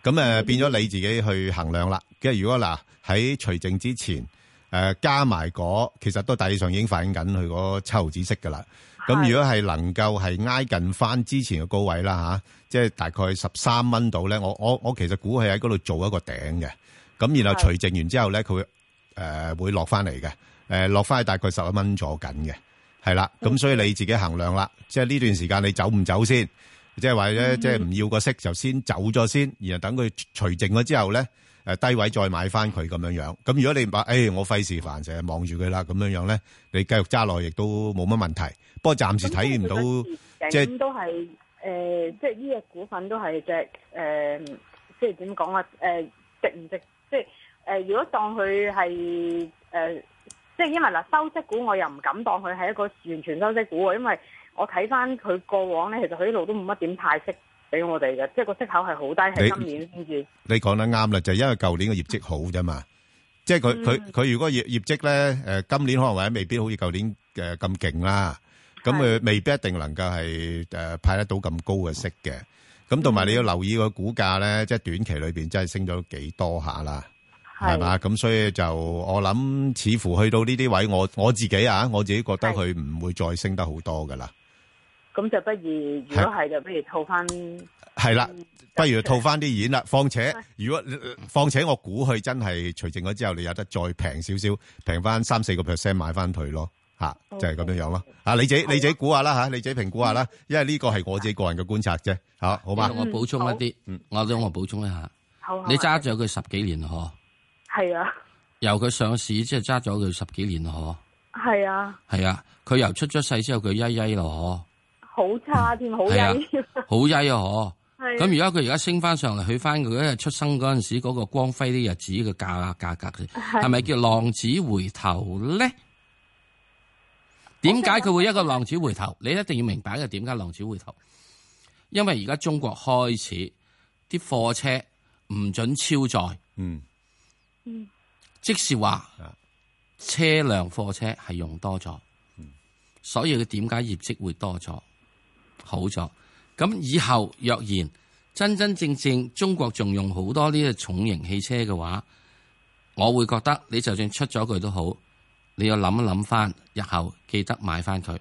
[SPEAKER 1] 咁、啊、誒，嗯、變咗你自己去衡量啦。即係如果嗱喺除淨之前誒、呃、加埋嗰、那個，其實都大致上已經反映緊佢個七毫子息噶啦。咁的如果係能夠係挨近翻之前嘅高位啦吓、啊，即係大概十三蚊度咧。我我我其實估係喺嗰度做一個頂嘅。咁然後除淨完之後咧，佢、呃、誒會落翻嚟嘅。誒落翻去大概十一蚊左近嘅，係啦，咁所以你自己衡量啦，即係呢段時間你走唔走先？即係或者即係唔要個息就先走咗先，然後等佢除淨咗之後咧，誒低位再買翻佢咁樣樣。咁如果你唔買，誒我費事煩，成日望住佢啦，咁樣樣咧，你繼續揸落亦都冇乜問題。不過暫時睇唔到，即係
[SPEAKER 11] 都係誒，即係呢隻股份都係隻誒，即係點講啊？誒值唔值？即係誒如果當佢係誒。即係因為嗱，收息股我又唔敢當佢係一個完全收息股喎，因為我睇翻佢過往咧，其實佢一路都冇乜點派息俾我哋嘅，即係個息口係好低，係今年先至。
[SPEAKER 1] 你講得啱啦，就係因為舊年嘅業績好啫嘛，即係佢佢佢如果業業績咧誒，今年可能或者未必好似舊年誒咁勁啦，咁佢未必一定能夠係誒派得到咁高嘅息嘅，咁同埋你要留意個股價咧，即係短期裏邊真係升咗幾多下啦。係嘛？咁所以就我諗，似乎去到呢啲位，我我自己啊，我自己覺得佢唔會再升得好多噶啦。
[SPEAKER 11] 咁就不如，如果係就不如
[SPEAKER 1] 套翻。係啦，不如套翻啲錢啦。況且如果，況且我估佢真係除淨咗之後，你有得再平少少，平翻三四個 percent 買翻佢咯。吓，就係咁樣樣咯。啊，你自己你自己估下啦吓，你自己評估下啦。因為呢個係我自己個人嘅觀察啫。吓，好嘛。我補充一啲，我想我補充一下。
[SPEAKER 8] 好。你
[SPEAKER 1] 揸咗佢
[SPEAKER 5] 十幾年咯。係啊，由佢上市即係揸咗佢十幾年咯。嗬，
[SPEAKER 11] 係啊，
[SPEAKER 5] 係啊，佢由出咗世之後佢曳曳咯、呃呃呃，嗬，
[SPEAKER 11] 好差添，
[SPEAKER 5] 好曳，好曳啊，嗬、呃呃，咁、啊。而家佢而家升翻上嚟，去翻佢一日出生嗰陣時嗰個光輝啲日子嘅價價格，係咪叫浪子回頭咧？點解佢會一個浪子回頭？啊、你一定要明白一個點解浪子回頭，因為而家中國開始啲貨車唔准超載，嗯。嗯，即是話車輛貨車係用多咗，嗯、所以佢點解業績會多咗好咗？咁以後若然真真正正中國仲用好多呢個重型汽車嘅話，我會覺得你就算出咗佢都好，你要諗一諗翻，日後記得買翻佢。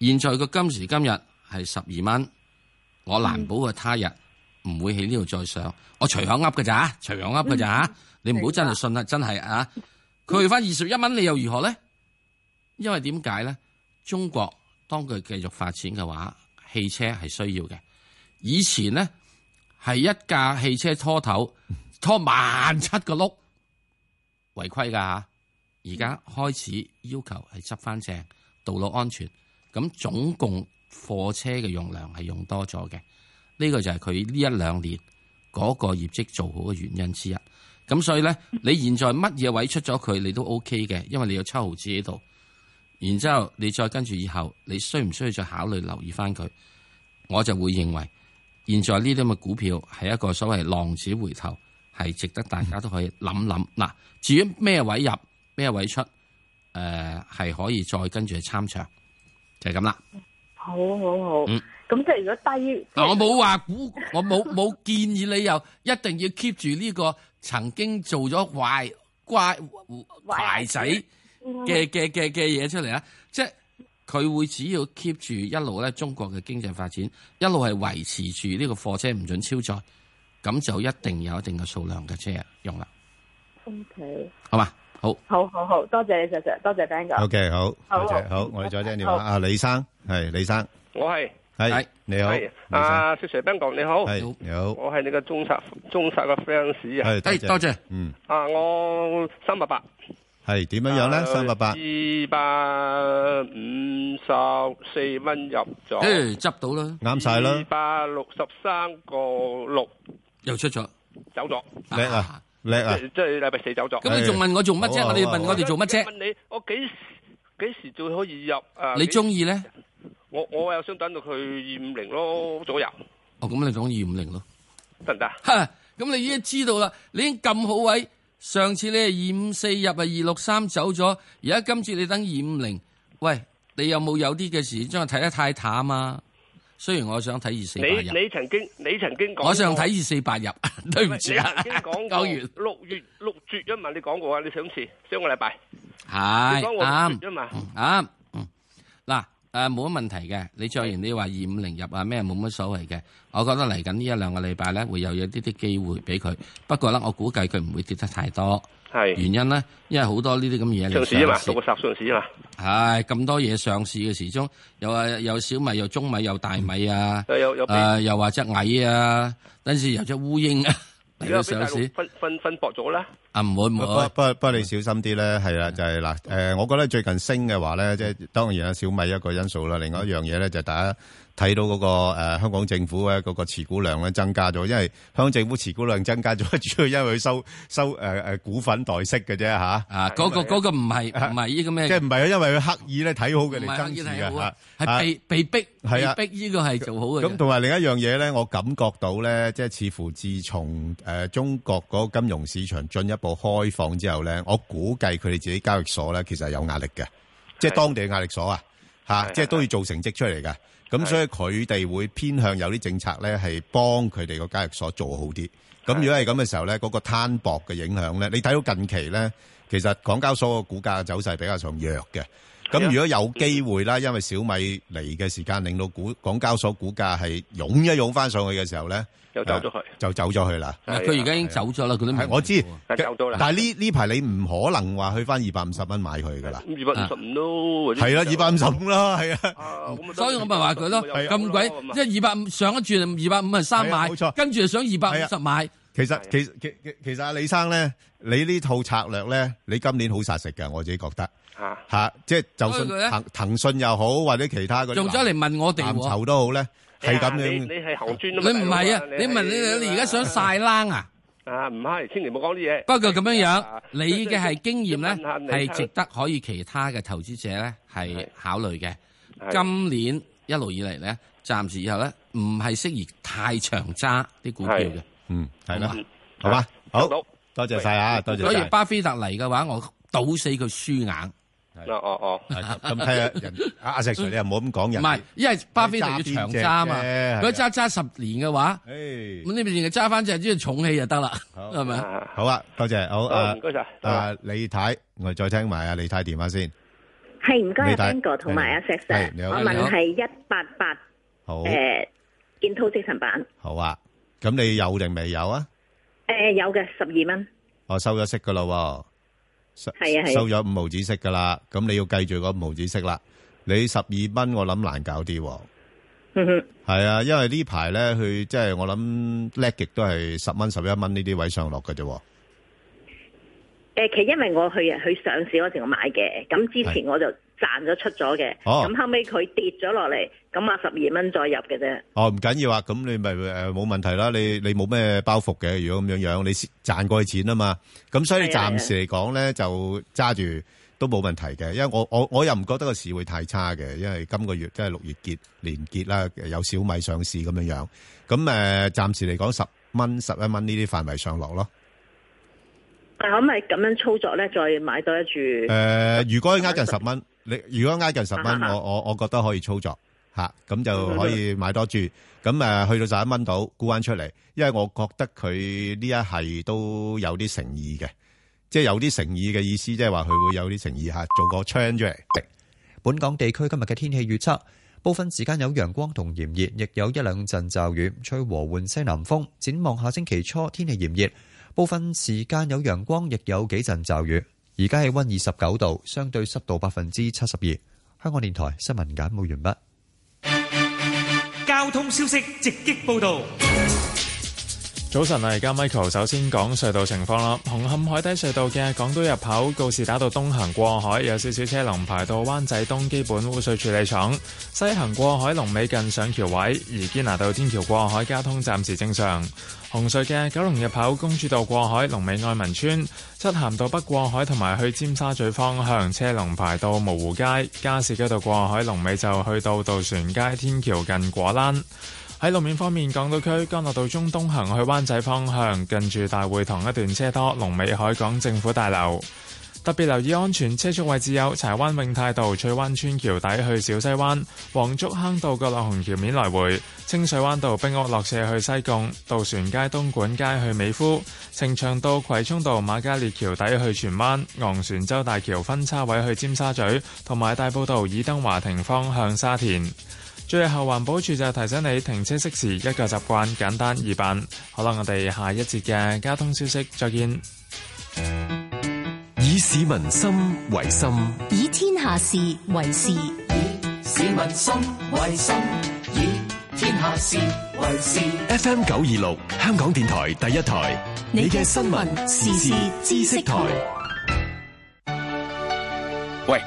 [SPEAKER 5] 現在佢今時今日係十二蚊，我難保佢他日唔會喺呢度再上。嗯、我隨口噏㗎咋，隨口噏㗎咋。嗯你唔好真係信啦，真係啊！佢去翻二十一蚊，你又如何咧？因為點解咧？中國當佢繼續發展嘅話，汽車係需要嘅。以前咧係一架汽車拖頭拖萬七個碌違規噶吓，而家開始要求係執翻正，道路安全。咁總共貨車嘅用量係用多咗嘅，呢個就係佢呢一兩年嗰個業績做好嘅原因之一。咁所以咧，你現在乜嘢位出咗佢，你都 O K 嘅，因為你有七毫子喺度。然之後你再跟住以後，你需唔需要再考慮留意翻佢？我就會認為，現在呢啲咁嘅股票係一個所謂浪子回頭，係值得大家都可以諗諗。嗱、嗯，至於咩位入，咩位出，誒、呃，係可以再跟住去參詳，就係咁啦。好好好。嗯。
[SPEAKER 11] 咁即係
[SPEAKER 5] 如果低嗱，我冇話估， [laughs] 我冇冇建議你又一定要 keep 住呢個。曾經做咗壞乖壞仔嘅嘅嘅嘅嘢出嚟啦，即係佢會只要 keep 住一路咧中國嘅經濟發展，一路係維持住呢個貨車唔准超載，咁就一定有一定嘅數量嘅車
[SPEAKER 1] 用啦。
[SPEAKER 11] OK，
[SPEAKER 1] 好嘛，好，好，好
[SPEAKER 11] 好，多謝你，石石，
[SPEAKER 1] 多謝 Ben 哥。OK，好，好多謝，好，好我哋再聽電話。好，啊，李生係李生，是李生我係。係你好，阿
[SPEAKER 7] 石 sir、彬哥你好，係你好，我係你個忠實忠實嘅 fans 啊，係多謝多謝。
[SPEAKER 1] 嗯，
[SPEAKER 7] 啊我三百八，
[SPEAKER 1] 係點樣樣咧？三百八，二
[SPEAKER 7] 百五十四蚊入咗，誒，
[SPEAKER 1] 執到啦，啱晒
[SPEAKER 5] 啦，二
[SPEAKER 7] 百六十三個六，
[SPEAKER 5] 又出咗，走咗，叻啊
[SPEAKER 8] 叻啊，即
[SPEAKER 7] 係禮拜四走咗，咁你仲問我做乜啫？我哋問我哋做乜啫？問你我幾時幾時最可以入誒？你中意咧？我
[SPEAKER 5] 我又想等到佢二五零咯左右。哦，
[SPEAKER 7] 咁你講二五零咯，得唔得？吓，咁你已經知道啦，你已經
[SPEAKER 5] 撳好位。上次你係二五四入啊，二六三走咗。而家今次你等二五零，喂，你有冇有啲嘅事將我睇得太淡啊？雖然我想睇二四八入，你你
[SPEAKER 7] 曾經你曾經講，我想睇二四
[SPEAKER 5] 八入，對唔住啊。我
[SPEAKER 7] 六月六月六月一問你講過
[SPEAKER 5] 啊，你想持兩個禮拜。係啱。啱。嗱。誒，冇乜、啊、問題嘅，你再言你話二五零入啊咩，冇乜所謂嘅。我覺得嚟緊呢一兩個禮拜咧，會有有啲啲機會俾佢。不過咧，我估計佢唔會跌得太多。係是原因咧，因為好多呢啲咁嘢上市啊嘛，六個十上市啊嘛。唉，咁多嘢上市嘅時中，又話有小米，又中米，又大米啊。又又
[SPEAKER 7] 誒，
[SPEAKER 1] 又話隻蟻啊，等陣時又隻烏蠅。
[SPEAKER 7] 而家俾大陸
[SPEAKER 1] 分分分薄咗啦，啊，唔會唔會？不不不，不，你小心啲咧，係啦，就係嗱，誒，我覺得最近升嘅話咧，即係當然啦，小米一個因素啦，另外一樣嘢咧就係大家。睇到嗰、那個、呃、香港政府嘅嗰個持股量咧增加咗，因為香港政府持股量增加咗，主要因為佢收收誒、呃、股份代息嘅啫啊，嗰、啊那個嗰唔係唔係呢個咩？即係唔係因為佢刻意咧睇好嘅哋增加嘅，係被被逼，係啊，呢、啊、個係做好嘅。咁同埋另一樣嘢咧，我感覺到咧，即係似乎自從誒、呃、中國嗰個金融市場進一步開放之後咧，我估計佢哋自己交易所咧其實係有壓力嘅，的即係當地嘅壓力所啊，啊
[SPEAKER 2] 的即係
[SPEAKER 1] 都要做成績出嚟嘅。咁所以佢哋會偏向有啲政策呢，係幫佢哋個交易所做好啲。咁如果係咁嘅時候呢，嗰個攤薄嘅影響呢，你睇到近期呢，其實港交所個股價走勢比較上弱嘅。咁如果有機會啦，因為小米嚟嘅時間令到股港交所股價係湧一湧翻上去嘅時候呢。走咗去，就走咗去啦。佢而家已經走咗啦，佢都唔。我知，走咗啦。但係呢呢排你唔可能話去翻二百五十蚊買佢噶啦。二百五十五都係啦，二百五十五
[SPEAKER 5] 啦，係啊。所以我咪話佢咯，咁鬼即係二百五上一注就二百五，係三買，跟住就上二百五十買。其
[SPEAKER 1] 實其實其實阿李生咧，你呢套策略咧，你今年好殺食噶，我自己覺得吓，即係就算騰訊騰訊又好，或者其他嗰啲藍籌都好咧。係咁你
[SPEAKER 5] 你
[SPEAKER 7] 係行尊，你唔係啊！你問你你而家想晒
[SPEAKER 1] 冷啊？啊唔
[SPEAKER 7] 係，千祈唔好講啲嘢。不過咁樣樣，
[SPEAKER 5] 你嘅係經驗咧，係值得可以其他嘅投資者咧係考慮嘅。的今年一路以嚟咧，暫時以後咧，唔係適宜太長揸啲股票嘅。
[SPEAKER 1] 的
[SPEAKER 8] 嗯，
[SPEAKER 5] 係啦、嗯，好吧的好，好，
[SPEAKER 1] 多謝晒啊，多謝。所以巴
[SPEAKER 5] 菲特嚟嘅話，我賭死佢輸硬。哦哦哦，咁睇
[SPEAKER 1] 下人。阿阿石 Sir，你又唔好咁講人。唔係，
[SPEAKER 7] 因為巴
[SPEAKER 5] 菲特要長揸啊嘛。如果揸
[SPEAKER 1] 揸十年嘅話，
[SPEAKER 5] 咁呢邊就揸翻隻呢隻重器就得啦，係咪？
[SPEAKER 1] 好啊，多謝，好啊，唔該晒。阿李太，我哋再聽埋阿李太電話先。
[SPEAKER 11] 係唔該，阿 Bingo 同埋阿石 Sir？我問係一八八。好。誒，建滔積層板。
[SPEAKER 1] 好啊，咁你有定未有啊？
[SPEAKER 11] 誒，有嘅，十
[SPEAKER 1] 二蚊。我收咗息噶啦。係啊，收咗五毫子息噶啦，咁你要計住嗰五毫子息啦。你十二蚊，我諗難搞啲。嗯哼，係啊，因為呢排咧，佢即係我諗叻極都係十蚊、十一蚊呢啲位上落嘅啫。誒、呃，
[SPEAKER 11] 其實因為我去去上市嗰陣我買嘅，咁之前我就。賺咗出咗嘅，咁、哦、後尾佢跌咗落嚟，咁
[SPEAKER 1] 啊十二蚊再入嘅啫。哦，唔緊要啊，咁你咪誒冇問題啦，你你冇咩包袱嘅，如果咁樣樣，你賺過錢啊嘛，咁所以暫時嚟講咧，的就揸住都冇問題嘅，因為我我我又唔覺得個市會太差嘅，因為今個月即係六月結年結啦，有小米上市咁樣樣，咁誒暫時嚟講十蚊、十一蚊呢啲範圍上落咯。
[SPEAKER 11] 但可唔可以咁樣操作咧？再買多一注？
[SPEAKER 1] 誒、呃，如果呃近十蚊。你如果挨近十蚊，我我我覺得可以操作吓，咁就可以買多注。咁，誒，去到十一蚊度沽翻出嚟，因為我覺得佢呢一係都有啲誠意嘅，即係有啲誠意嘅意思，即係話，佢會有啲誠意吓，做個 change 嚟。本港地區今日嘅天氣預測，部分時間有陽光同炎熱，亦有一兩
[SPEAKER 6] 陣驟雨，吹和緩西南風，展望下星期初，天氣炎熱，部分時間有陽光，亦有幾陣驟雨。而家氣溫二十九度，相對濕度百分之七十二。香港電台新聞簡報完畢。
[SPEAKER 4] 交通消息直擊報道。
[SPEAKER 3] 早晨啊，而家 Michael 首先講隧道情況啦。紅磡海底隧道嘅港島入口，告士打道東行過海有少少車龍排到灣仔東基本污水處理廠，西行過海龍尾近上橋位，而堅拿道天橋過海交通暫時正常。紅隧嘅九龍入口公主道過海，龍尾愛民村。漆咸道北過海同埋去尖沙咀方向，車龍排到蕪湖街。加士居道過海龍尾就去到渡船街天橋近果欄。喺路面方面，港島區干諾道中東行去灣仔方向，近住大會堂一段車多，龍尾海港政府大樓。特別留意安全車速位置有，柴灣永泰道翠灣村橋底去小西灣、黃竹坑道角落紅橋面來回、清水灣道壁屋落斜去西貢、渡船街東莞街去美孚、呈祥道葵涌道瑪嘉烈橋底去荃灣、昂船洲大橋分叉位去尖沙咀，同埋大埔道爾登華庭方向沙田。最後環保署就提醒你停車熄匙一個習慣，簡單易辦。好啦，我哋下一節嘅交通消息再見。嗯以市民心為心，
[SPEAKER 2] 以天下事為事。以市民心為心，以天下事
[SPEAKER 4] 為事。FM 九二六，香港電台第一台，
[SPEAKER 3] 你嘅新聞時事知識台。
[SPEAKER 4] 喂，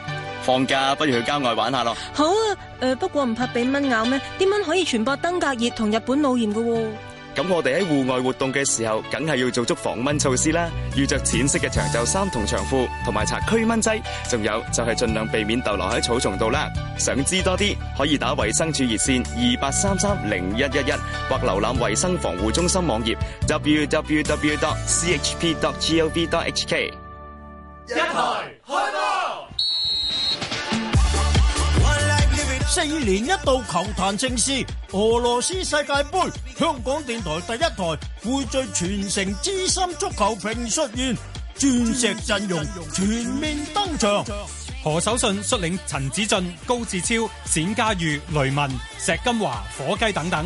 [SPEAKER 4] 放假不如去郊外玩下咯。
[SPEAKER 2] 好啊，誒、呃，不過唔怕俾蚊咬咩？啲蚊可以傳播登革熱同日本腦炎嘅喎。
[SPEAKER 3] 咁我哋喺戶外活動嘅時候，梗係要做足防蚊措施啦。要着淺色嘅長袖衫同長褲，同埋搽驅蚊劑。仲有就係、是、盡量避免逗留喺草叢度啦。想知多啲，可以打衛生署熱線二八三三零一
[SPEAKER 4] 一一，或瀏覽衛生防護中心網頁 www.chp.gov.hk。Www. 一台開四年一度球壇盛事，俄羅斯世界盃，香港電台第一台匯聚全城資深足球評述員，鑽石陣容全面登場。登場何守信率領陳子俊、高志超、冼家瑜、雷文、石金華、火雞等等。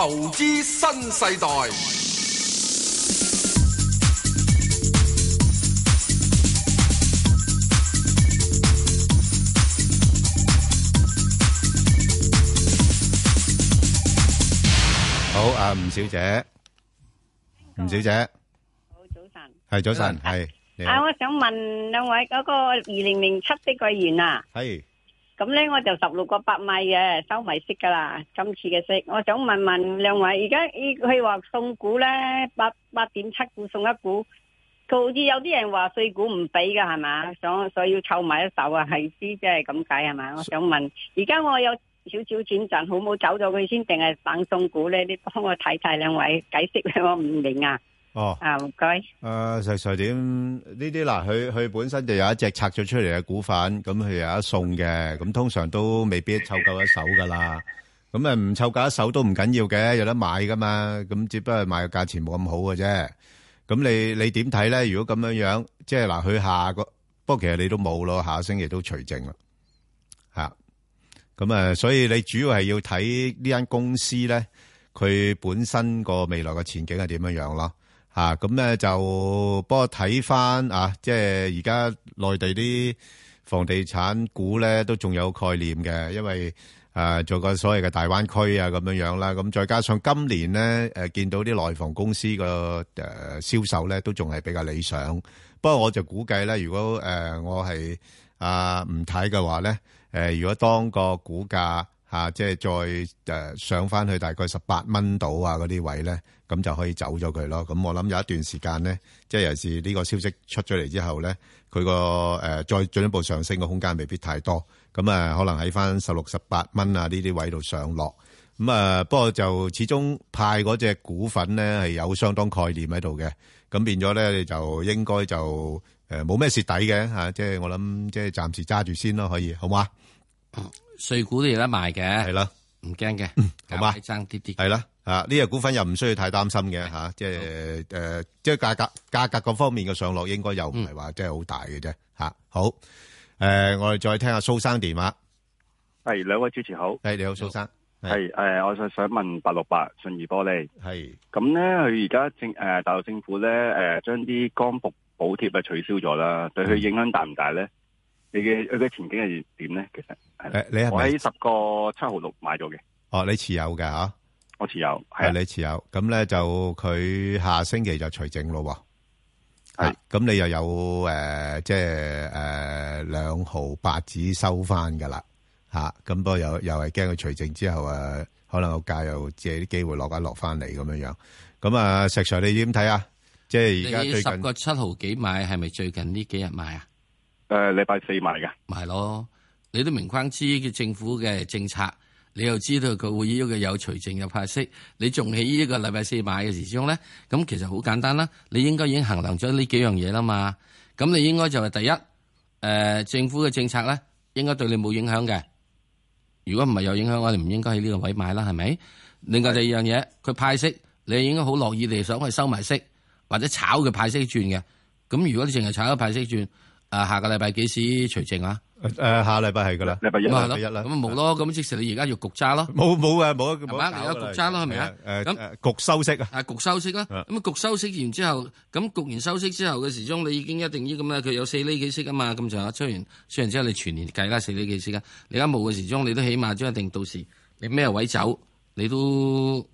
[SPEAKER 7] 投資新世代。
[SPEAKER 1] 好啊，吳小姐，吳小姐，好早晨，係早晨，係。
[SPEAKER 9] 啊，我想問兩位嗰個二零零七嘅碧桂園啊。係。咁呢，我就十六個八米嘅收米息噶啦，今次嘅息。我想問問兩位，而家佢話送股呢，八八點七股送一股，佢好似有啲人話碎股唔俾噶係嘛？所以要湊埋一手啊，係啲即係咁解係嘛？我想問，而家我有少少錢賺，好唔好走咗佢先，定係等送股呢？你幫我睇睇兩位解釋，我唔明啊。
[SPEAKER 1] 哦，啊，唔該。誒，細細點呢啲嗱？佢佢本身就有一隻拆咗出嚟嘅股份，咁佢有得送嘅，咁通常都未必湊夠一手噶啦。咁誒，唔湊夠一手都唔緊要嘅，有得買噶嘛。咁只不過買嘅價錢冇咁好嘅啫。咁你你點睇咧？如果咁樣樣，即係嗱，佢下個不過其實你都冇咯，下個星期都除淨啦，吓咁誒。所以你主要係要睇呢間公司咧，佢本身個未來嘅前景係點樣樣咯？啊，咁咧就不過睇翻啊，即係而家內地啲房地產股咧都仲有概念嘅，因為誒、啊、做個所謂嘅大灣區啊咁樣啦，咁、啊、再加上今年咧誒、啊、見到啲內房公司個誒、啊、銷售咧都仲係比較理想，不過我就估計咧，如果誒、啊、我係啊唔睇嘅話咧，誒、啊、如果當個股價啊即係再誒、啊、上翻去大概十八蚊度啊嗰啲位咧。咁就可以走咗佢咯。咁我諗有一段時間咧，即係尤其是呢個消息出咗嚟之後咧，佢個誒再進一步上升嘅空間未必太多。咁啊，可能喺翻十六、十八蚊啊呢啲位度上落。咁啊，不過就始終派嗰隻股份咧係有相當概念喺度嘅。咁變咗咧你就應該就誒冇咩蝕底嘅吓。即係我諗即係暫時揸住先咯，可以好嘛？碎股都有得賣嘅，係啦，唔驚嘅，好嘛？爭啲啲，係啦。啊！呢隻股份又唔需要太擔心嘅吓，即係誒，即係價格價格各方面嘅上落應該又唔係話即係好大嘅啫吓。好、啊、誒，我哋再聽下蘇生電話。係兩位主持好，誒、哎，你好，蘇生係誒、哦，我
[SPEAKER 7] 就想問八六八信義玻璃係咁咧，佢而家政誒大陸政府咧誒，將啲光伏補貼啊取消咗啦，對佢影響大唔大咧？你嘅佢嘅前景係點咧？其實、哎、
[SPEAKER 1] 你你我喺
[SPEAKER 7] 十個七號六買咗嘅，
[SPEAKER 1] 哦，你持有嘅吓、啊。我持有係、啊啊、你持有，咁咧就佢下星期就除證咯。係咁、啊，你又有誒、呃，即係誒兩毫八子收翻噶啦吓。咁、啊、不過又又係驚佢除證之後誒、啊，可能個價又借啲機會落一落翻嚟咁樣樣。咁啊，石 Sir 你點睇啊？即係而家最近十
[SPEAKER 5] 個七毫幾買係咪最近呢幾日買啊？
[SPEAKER 7] 誒、呃，禮拜四買嘅
[SPEAKER 5] 買咯。你都明，框知嘅政府嘅政策。你又知道佢會依個有除淨嘅派息，你仲喺呢一個禮拜四買嘅時候咧，咁其實好簡單啦。你應該已經衡量咗呢幾樣嘢啦嘛。咁你應該就係第一，誒、呃、政府嘅政策咧，應該對你冇影響嘅。如果唔係有影響，我哋唔應該喺呢個位買啦，係咪？另外第二樣嘢，佢派息，你應該好樂意地想去收埋息，或者炒佢派息轉嘅。咁如果你淨係炒佢派息轉，呃、下個禮拜幾時除淨啊？誒、呃，下禮拜係噶啦，禮拜一，禮拜一啦，咁冇咯，咁、嗯、即是你而家要焗揸咯，冇冇啊，冇啊，冇咪啊，而家吧焗揸咯，係咪啊，誒，咁焗收息啊，誒，焗收息啦，咁焗收息完的之後，咁焗完收息之後嘅時鐘，你已經一定要咁啦，佢有四厘幾息噶嘛，咁就出完，出完之後你全年計加四厘幾息噶，你而家冇嘅時鐘，你都起碼將一定到時你咩位走，
[SPEAKER 1] 你都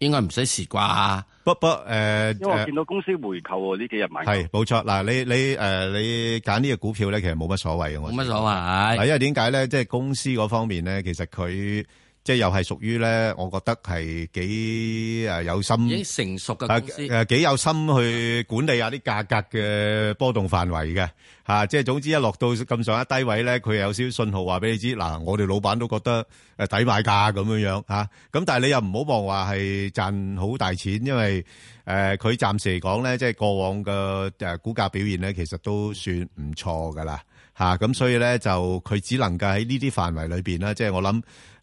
[SPEAKER 1] 應該唔使蝕啩。不不，誒，uh, 因為我見
[SPEAKER 7] 到公司回購喎，呢、uh, 幾日買。
[SPEAKER 1] 係，冇錯。嗱，你你誒，你揀呢隻股票咧，其實冇乜所謂嘅，我覺得。冇乜所謂，係，因為點解咧？即係公司嗰方面咧，其實佢。即係又係屬於咧，我覺得係幾誒有心已經成
[SPEAKER 5] 熟嘅公司誒，
[SPEAKER 1] 幾有心去管理下啲價格嘅波動範圍嘅吓。即係總之一落到咁上下低位咧，佢有少少信號話俾你知嗱。我哋老闆都覺得誒抵買價咁樣樣吓。咁但係你又唔好忘話係賺好大錢，因為誒佢暫時嚟講咧，即係過往嘅誒股價表現咧，其實都算唔錯噶啦吓。咁所以咧就佢只能夠喺呢啲範圍裏邊啦。即係我諗。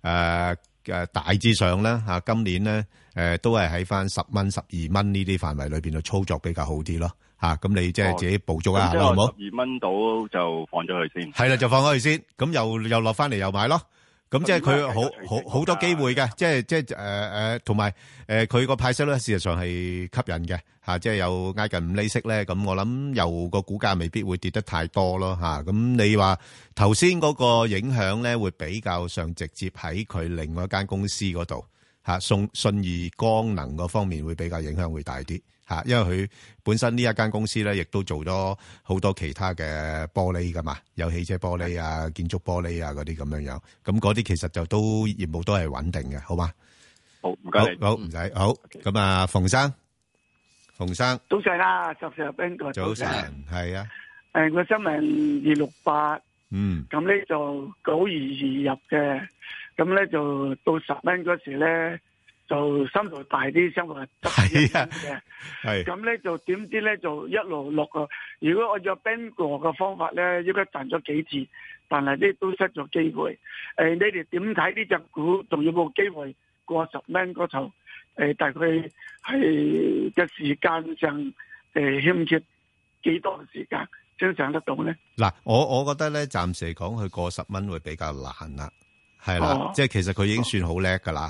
[SPEAKER 1] 誒誒大致上咧嚇，今年咧誒都係喺翻十蚊、十二蚊呢啲範圍裏邊度操作比較好啲咯嚇，咁你即係自己捕捉一下好唔好？十二
[SPEAKER 7] 蚊度就放咗佢先。係啦，就放咗
[SPEAKER 1] 佢先，咁又又落翻嚟又買咯。咁即係佢好好好，好多機會嘅，即係即係誒同埋誒佢個派息咧，事實上係吸引嘅，即係有挨近五厘息咧，咁我諗又個股價未必會跌得太多咯嚇。咁、啊、你話頭先嗰個影響咧，會比較上直接喺佢另外一間公司嗰度。啊，信信義光能嗰方面會比較影響會大啲，吓，因為佢本身呢一間公司咧，亦都做咗好多其他嘅玻璃噶嘛，有汽車玻璃啊、建築玻璃啊嗰啲咁樣樣，咁嗰啲其實就都業務都係穩定嘅，好嘛？好，唔該你，好，唔使，好，咁啊，馮生，馮生，早晨啦，十四日邊個？早晨，係啊，誒，我收明二六八，嗯，
[SPEAKER 12] 咁呢就九二二入嘅。咁咧就到十蚊嗰時咧，就心度大啲，相度係大嘅。係咁咧就點知咧就一路落個。如果按照 Bingo 嘅方法咧，應該賺咗幾次，但係呢都失咗機會。呃，你哋點睇呢隻股仲有冇機會過十蚊嗰頭？大概係嘅時間上誒欠缺幾多時間先上得到咧？
[SPEAKER 1] 嗱，我我覺得咧，暫時嚟講，佢過十蚊會比較難啦。係啦，即係其實佢已經算好叻噶啦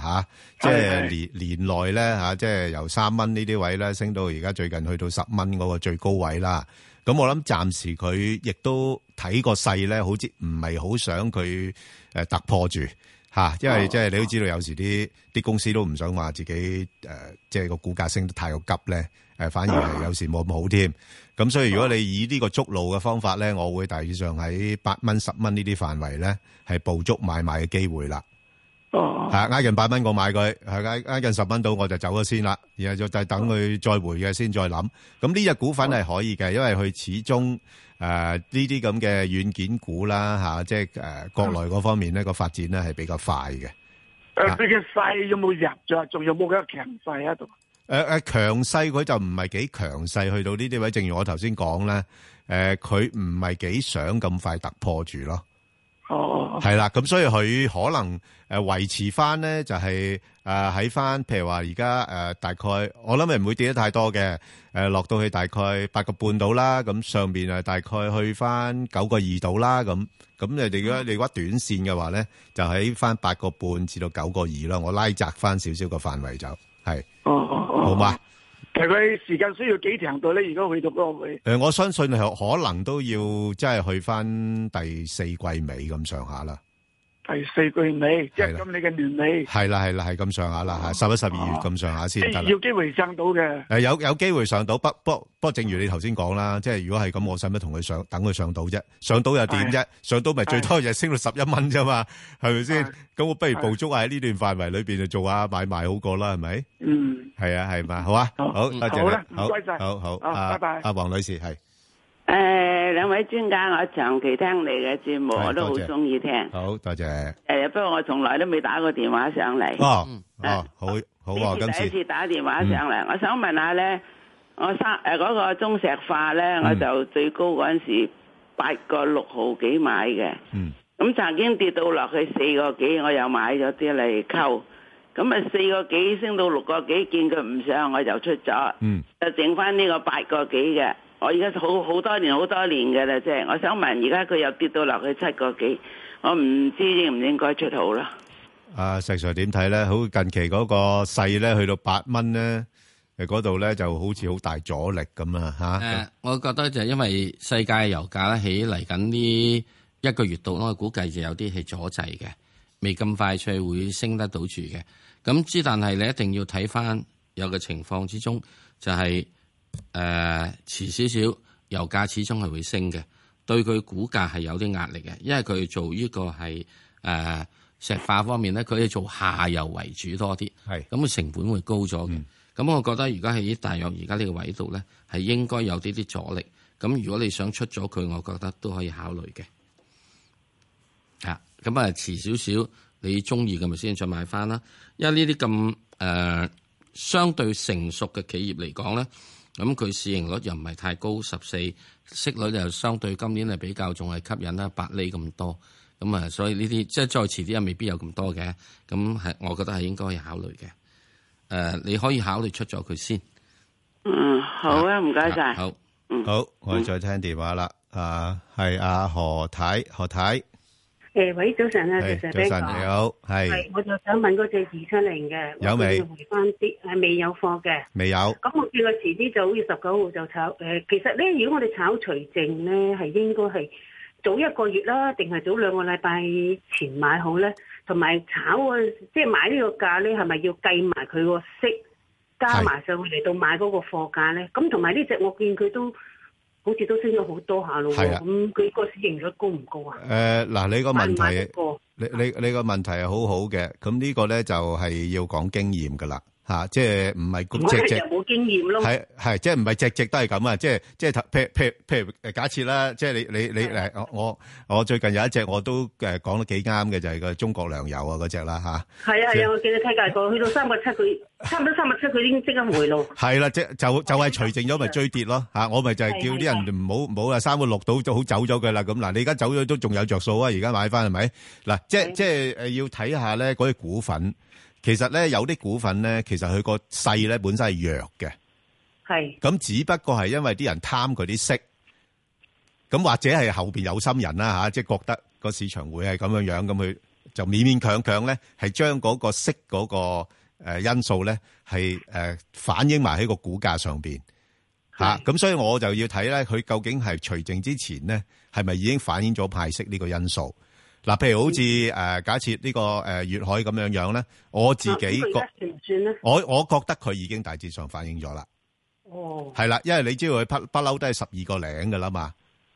[SPEAKER 1] 吓，即係、哦、年年內咧吓，即係由三蚊呢啲位咧升到而家最近去到十蚊嗰個最高位啦。咁我諗暫時佢亦都睇個勢咧，好似唔係好想佢誒突破住。吓，因為即係你都知道，有時啲啲公司都唔想話自己誒，即係個股價升得太過急咧，誒反而係有時冇咁好添。咁所以如果你以呢個捉路嘅方法咧，我會大致上喺八蚊、十蚊呢啲範圍咧，係捕捉買賣嘅機會啦。哦，係挨近八蚊我買佢，係挨挨近十蚊到我就走咗先啦，然後就等佢再回嘅先再諗。咁呢隻股份係可以嘅，因為佢始終。誒，呢啲咁嘅軟件股啦，吓、啊、即係誒、呃，國內嗰方面咧個發展咧係比較快嘅。
[SPEAKER 7] 誒、呃，呢個勢，有冇入咗？仲有冇嘅
[SPEAKER 1] 強勢喺度？誒誒、呃，強勢佢就唔係幾強勢，去到呢啲位。正如我頭先講咧，誒、呃，佢唔係幾想咁快突破住咯。哦，係啦，咁所以佢可能誒維持翻咧，就係誒喺翻，譬如話而家誒大概，我諗係唔會跌得太多嘅，誒落到去大概八個半度啦，咁上面誒大概去翻九個二度啦，咁咁你哋如果你屈短線嘅話咧，就喺翻八個半至到九個二啦，我拉窄翻少少個範圍就，係，
[SPEAKER 12] 好嘛？
[SPEAKER 7] 其實時間需要幾長度呢？如果去到
[SPEAKER 1] 嗰個位置，誒、呃，我相信可能都要即係去返第四季尾咁上下啦。
[SPEAKER 7] 第四季尾，即係今年
[SPEAKER 1] 嘅年尾係啦，係啦，係咁上下啦，吓十一、十二月咁上下先得啦。有機
[SPEAKER 7] 會上
[SPEAKER 1] 到嘅，誒，有有機會上到，不不不過，正如你頭先講啦，即係如果係咁，我使乜同佢上，等佢上到啫？上到又點啫？上到咪最多就升到十一蚊啫嘛？係咪先？咁我不如捕捉喺呢段範圍裏邊就做下買賣好過啦，係咪？嗯，係啊，係咪，好啊，好，多謝，好，唔該晒，好好，啊，拜拜，阿黃女士係。
[SPEAKER 9] 誒，兩、呃、位專家，我長期聽你嘅節目，的我都好中意聽。
[SPEAKER 1] 好
[SPEAKER 9] 多謝，謝。誒、呃，不過我從來都未打過電話上嚟。哦，啊、哦，好，
[SPEAKER 8] 好啊，今次第一次
[SPEAKER 9] 打電話上嚟，嗯、我想問下咧，我三誒、呃嗰個中石化咧，我就最高嗰陣時八個六毫幾買嘅。嗯。咁曾經跌到落去四個幾，我又買咗啲嚟溝。咁啊四個幾升到六個幾，見佢唔上，我就出咗。嗯。就剩翻呢個八個幾嘅。我而家好好多年好多年㗎啦，即係我想問，而家佢又跌到落去七個幾，我唔知應唔應該出好啦。
[SPEAKER 1] 啊，石 Sir 點睇咧？好近期嗰個勢咧，去到八蚊咧，嗰度咧就好似好大阻力咁啊嚇。啊。我覺得就
[SPEAKER 5] 因為世界油價咧起嚟緊呢一個月度，我估計就有啲係阻滯嘅，未咁快出去會升得到住嘅。咁之但係你一定要睇翻有個情況之中，就係、是。誒，遲少少，油價始終係會升嘅，對佢股價係有啲壓力嘅，因為佢做呢個係誒、呃、石化方面咧，佢以做下游為主多啲，係咁佢成本會高咗嘅。咁、嗯、我覺得而家喺大約而家呢個位度咧，係應該有啲啲阻力。咁如果你想出咗佢，我覺得都可以考慮嘅。啊，咁啊，遲少少，你中意咁咪先再買翻啦。因為呢啲咁誒相對成熟嘅企業嚟講咧。咁佢市盈率又唔係太高，十四息率又相對今年係比較仲係吸引啦，八厘咁多。咁啊，所以呢啲即係再遲啲又未必有咁多嘅。咁係，我覺得係應該去考慮嘅。
[SPEAKER 1] 誒、啊，你可以考慮出咗佢先。嗯，
[SPEAKER 9] 好啊，唔該晒。
[SPEAKER 1] 好，嗯、好，我哋再聽電話啦。啊，係阿、啊、何太，何太。
[SPEAKER 10] 誒，喂，早晨啊，就就你好，係係，我，我就想問嗰隻二七零嘅有未？回翻啲，係未有貨嘅，未有。咁有我見過遲啲就好似十九號就炒，誒、呃，其實咧，如果我哋炒除淨咧，係應該係早一個月啦，定係早兩個禮拜前買好咧。同埋炒嘅，即係買呢個價咧，係咪要計埋佢個息，加埋上去嚟到買嗰個貨價咧？咁同埋呢隻，我見佢都。好似都升咗好多下咯，咁
[SPEAKER 1] 佢、啊、個市盈率高唔高啊？誒、呃，嗱，你個問題，買唔買得過？你你你個問題係好好嘅，咁呢個咧就係、是、要講經驗噶啦。吓，即係唔係只隻，冇經驗咯，係係即係唔係只只都係咁啊！即係即係譬譬如譬如誒，假設啦，即係你你你誒，我我我最近有一隻，我都誒講得幾啱嘅，就係個中國糧油啊嗰隻啦吓。係啊係啊，我記得
[SPEAKER 10] 推介過去到三百七，佢差唔多
[SPEAKER 1] 三百七，佢已經即刻回咯。係啦，即就就係除淨咗咪追跌咯吓，我咪就係叫啲人唔好唔好啊，三個六到就好走咗佢啦。咁嗱，你而家走咗都仲有着數啊！而家買翻係咪嗱？即即係要睇下咧嗰啲股份。其實咧有啲股份咧，其實佢個勢咧本身係弱嘅，係咁只不過係因為啲人貪佢啲息，咁或者係後邊有心人啦吓，即係覺得個市場會係咁樣樣，咁佢就勉勉強強咧係將嗰個息嗰個誒因素咧係誒反映埋喺個股價上邊吓，咁所以我就要睇咧佢究竟係除淨之前咧係咪已經反映咗派息呢個因素。嗱，譬如好似誒，假設呢個誒粵海咁樣樣咧，我自己覺，啊這個、
[SPEAKER 10] 算我
[SPEAKER 1] 我覺得佢已經大致上反映咗啦。哦，
[SPEAKER 10] 係
[SPEAKER 1] 啦，因為你知道佢不不嬲都係十二個零㗎啦嘛，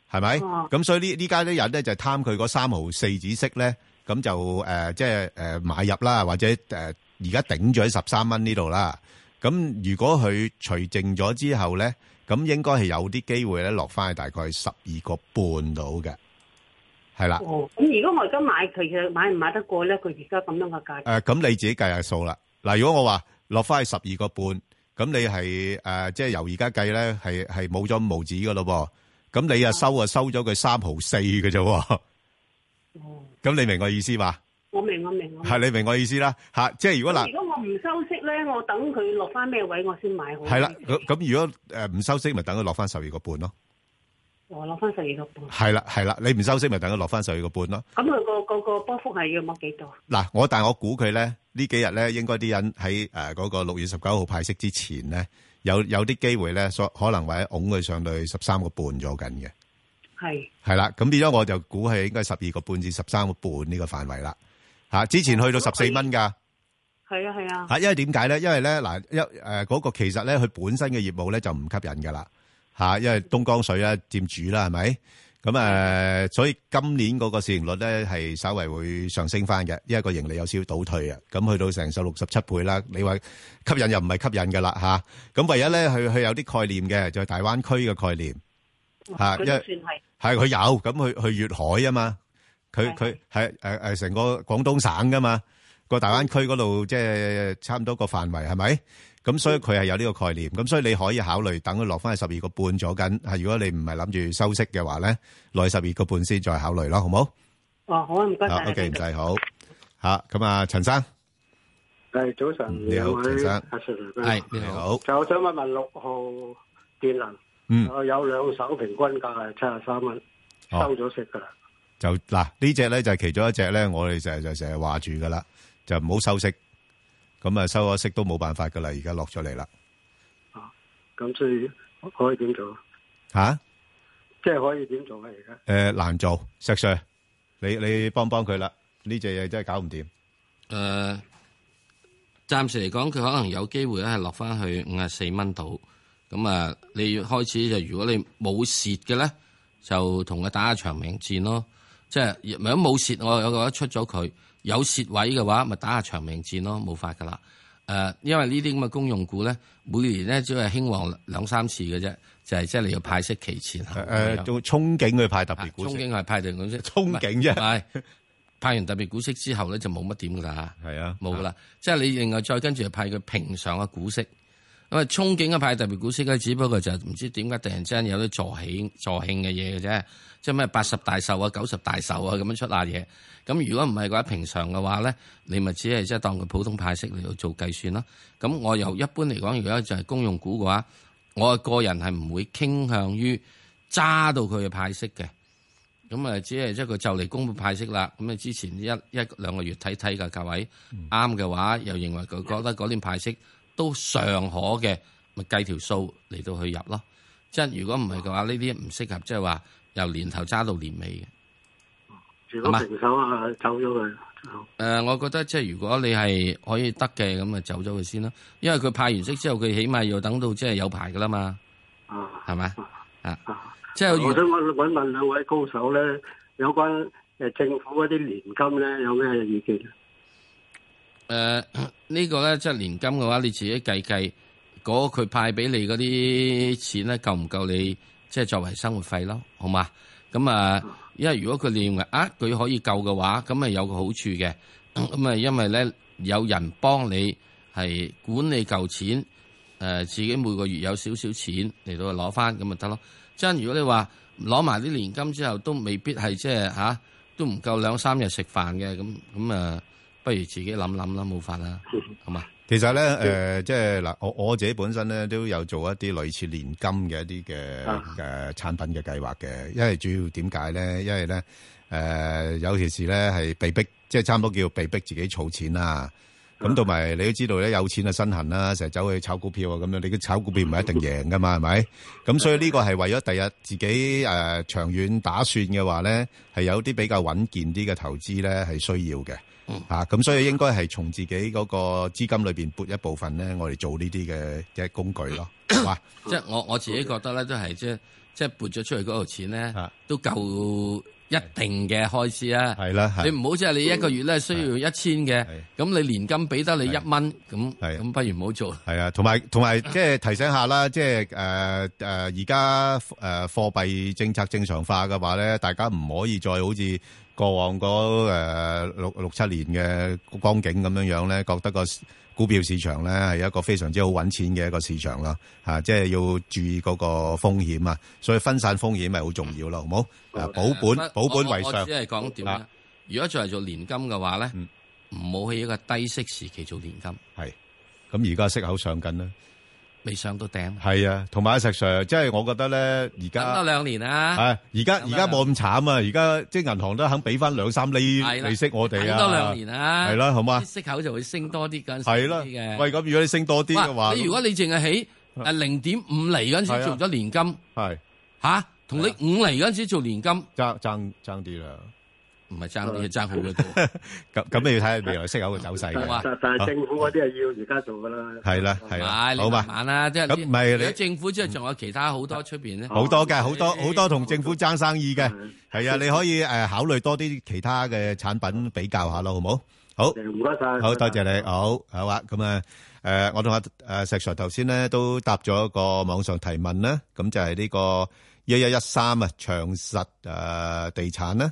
[SPEAKER 1] 係咪？咁、哦、所以呢呢家啲人咧就貪佢嗰三毫四指式咧，咁就誒即係誒買入啦，或者誒而家頂咗喺十三蚊呢度啦。咁、呃、如果佢除淨咗之後咧，咁應該係有啲機會咧落翻去大概十二個半到嘅。係啦，
[SPEAKER 8] 咁
[SPEAKER 10] 如果我而家買佢嘅，買唔買得過咧？佢
[SPEAKER 1] 而家咁樣嘅價誒，咁你自己計下數啦。嗱，如果我話落翻去十二個半，咁你係誒，即係由而家計咧，係係冇咗五毫子噶咯噃。咁你啊收啊收咗佢三毫四嘅啫。咁你明我意思嘛？我
[SPEAKER 10] 明我明，係
[SPEAKER 1] 你明我意思啦吓。即係如果嗱，如果我唔收息
[SPEAKER 10] 咧，我等佢落翻
[SPEAKER 1] 咩位我先買好。係啦，咁咁如果誒唔收息，咪等佢落翻十二個半咯。我落翻十二個半，係啦，係啦，你唔收息咪等佢落翻十二個半咯。
[SPEAKER 10] 咁佢個個波幅係
[SPEAKER 1] 要冇幾多？嗱，我但係我估佢咧，呢幾日咧應該啲人喺誒嗰個六月十九號派息之前咧，有有啲機會咧，所可能或者拱佢上到十三個半咗緊嘅。係，係啦，咁變咗我就估係應該十二個半至十三個半呢個範圍啦。吓，之前去到十四蚊㗎。係啊係啊。吓，因為點解咧？因為咧嗱，一誒嗰個其實咧，佢本身嘅業務咧就唔吸引㗎啦。吓，因為東江水咧佔主啦，係咪？咁，誒，所以今年嗰個市盈率咧係稍為會上升翻嘅，因為個盈利有少少倒退啊。咁去到成十六十七倍啦。你話吸引又唔係吸引噶啦吓。咁唯一咧，佢佢有啲概念嘅，就係大灣區嘅概念吓。佢算係，係佢有咁去去粵海啊嘛。佢佢係，誒誒，成個廣東省噶嘛，個大灣區嗰度即係差唔多個範圍，係咪？咁所以佢係有呢個概念，咁所以你可以考慮等佢落翻去十二個半咗緊，係如果你唔係諗住收息嘅話咧，耐十二個半先再考慮咯，好唔
[SPEAKER 12] 好？哦，好啊，唔該晒。OK，唔該晒，好
[SPEAKER 1] 好。咁啊，陳生，係早晨，你好，陳生，
[SPEAKER 12] 阿 Sir，係你好。就我想問一問
[SPEAKER 1] 六號電能，嗯，有
[SPEAKER 12] 兩手平均價係七十三蚊，收咗息噶啦。
[SPEAKER 1] 就嗱呢隻咧就其中一隻咧，我哋就就成日話住噶啦，就唔好收息。咁啊，收咗息都冇辦法噶啦，而家落咗嚟啦。啊，
[SPEAKER 12] 咁所以可
[SPEAKER 1] 以點做啊？吓，即係可以點做咧？而家誒，難做石 Sir，你你幫幫佢啦。呢隻嘢真係搞唔掂。誒、呃，暫時嚟
[SPEAKER 5] 講，佢可能有機會咧，係落翻去五十四蚊度。咁、呃、啊，你開始就如果你冇蝕嘅咧，就同佢打一場名戰咯。即係如果冇蝕，我有嘅話出咗佢。有蝕位嘅話，咪打下長命戰咯，冇法噶啦。誒、呃，因為呢啲咁嘅公用股咧，每年咧只係興旺兩三次嘅啫，就係即係你
[SPEAKER 1] 要派息期前。誒、啊，做、呃、樣憧憬去派特別股息，啊、憧
[SPEAKER 5] 憬係派特別股息，憧憬啫。係派完特別股息之後咧，就冇乜點㗎啦。係啊，冇㗎啦。是啊、即係你另外再跟住派佢平常嘅股息。咁啊，憧憬嘅派特別股息咧，只不過就唔知點解突然之間有啲助興助慶嘅嘢嘅啫，即係咩八十大壽啊、九十大壽啊咁樣出下嘢。咁如果唔係嘅話，平常嘅話咧，你咪只係即係當佢普通派息嚟做計算咯。咁我又一般嚟講，如果就係公用股嘅話，我個人係唔會傾向於揸到佢嘅派息嘅。咁啊，只係即係佢就嚟公布派息啦。咁啊，之前一一兩個月睇睇嘅價位，啱嘅、嗯、話，又認為佢覺得嗰年派息。都尚可嘅，咪計條數嚟到去入咯。即係如果唔係嘅話，呢啲唔適合，即係話由年頭揸到年尾嘅。如
[SPEAKER 13] 果
[SPEAKER 5] 手係吧，走咗佢。誒、呃，我覺得即係如果你係可以得嘅，咁咪走咗佢先咯。因為佢派完息之後，佢起碼要等到即係有排噶啦嘛。啊，係咪吧？啊即
[SPEAKER 12] 係是我想我搵問兩位高手咧，有關誒政府嗰啲年金咧，有咩意見？
[SPEAKER 5] 誒，呃這個、呢個咧即係年金嘅話，你自己計計，佢派俾你嗰啲錢咧夠唔夠你即係作為生活費咯，好嘛？咁、嗯、啊，因為如果佢念啊，佢可以夠嘅話，咁咪有個好處嘅。咁、嗯、啊，因為咧有人幫你係管理舊錢，誒、呃，自己每個月有少少錢嚟到攞翻，咁咪得咯。即係如果你話攞埋啲年金之後，都未必係即係吓，都唔夠兩
[SPEAKER 1] 三日食飯嘅，咁咁啊。嗯不如自己諗諗啦，冇法啦，好嘛？其實咧，誒、呃，即係嗱，我我自己本身咧都有做一啲類似年金嘅一啲嘅誒產品嘅計劃嘅，因為主要點解咧？因為咧誒、呃，有件事咧係被逼，即係差唔多叫被逼自己儲錢啦、啊。咁同埋你都知道咧，有錢啊，身痕啦，成日走去炒股票啊，咁樣你啲炒股票唔係一定贏噶嘛，係咪、啊？咁所以呢個係為咗第日，日自己誒、呃、長遠打算嘅話咧，係有啲比較穩健啲嘅投資咧係需要嘅。嗯、啊，咁所以應該係從自己嗰個資金裏邊撥一部分咧，我哋做呢啲嘅嘅工具咯，係、
[SPEAKER 5] 嗯、哇即係我我自己覺得咧，都係即係即係撥咗出去嗰度錢咧，啊、都夠一定嘅開支啦、啊。係啦，你唔好即係你一個月咧需要一千嘅，咁你年金俾得你一蚊，咁
[SPEAKER 1] 咁不如唔好做。係啊，同埋同埋即係提醒下啦，即係誒誒，而家誒貨幣政策正常化嘅話咧，大家唔可以再好似。過往嗰誒六六七年嘅光景咁樣樣咧，覺得個股票市場咧係一個非常之好揾錢嘅一個市場啦，吓，即係要注意嗰個風險啊，所以分散風險咪好重要咯，好冇？啊，保本保本為上。我只係講點啦，
[SPEAKER 5] 如果做做年金嘅話咧，唔好喺一個低息時期做年金。係，
[SPEAKER 1] 咁而家息口上緊啦。
[SPEAKER 5] 未上到頂，
[SPEAKER 1] 係啊，同埋阿石 Sir，即係我覺得咧，而家等多兩
[SPEAKER 5] 年啦。係，
[SPEAKER 1] 而家而家冇咁慘啊，而家、啊、即係銀行都肯俾翻兩三厘利息我哋啊，等多兩年啊，係啦、啊，好嘛？息，息
[SPEAKER 5] 口就會升多啲嗰陣時嘅、啊。喂，咁
[SPEAKER 1] 如果你升多啲嘅話，你如果
[SPEAKER 5] 你淨係起誒零點五厘嗰陣時做咗年金，係
[SPEAKER 1] 吓、啊，同、啊啊、你五厘嗰陣時做年金，爭爭爭啲啦。唔係爭啲爭好咗。咁咁你要睇下未來息口嘅走勢嘅。但係政
[SPEAKER 3] 府嗰啲
[SPEAKER 5] 係
[SPEAKER 1] 要而家做噶啦，係啦，係咪好嘛？慢啦，即係咁唔係，你
[SPEAKER 5] 政府之後仲有其他好多出邊咧，好多嘅，
[SPEAKER 1] 好多好多同政府爭生意嘅，係啊。你可以誒考慮多啲其他嘅產品比較下咯，好唔好？好唔該曬，好多謝你。好係嘛咁啊？誒，我同阿阿石 Sir 頭先咧都答咗個網上提問啦。咁就係呢個一一一三啊，長實誒地產啦。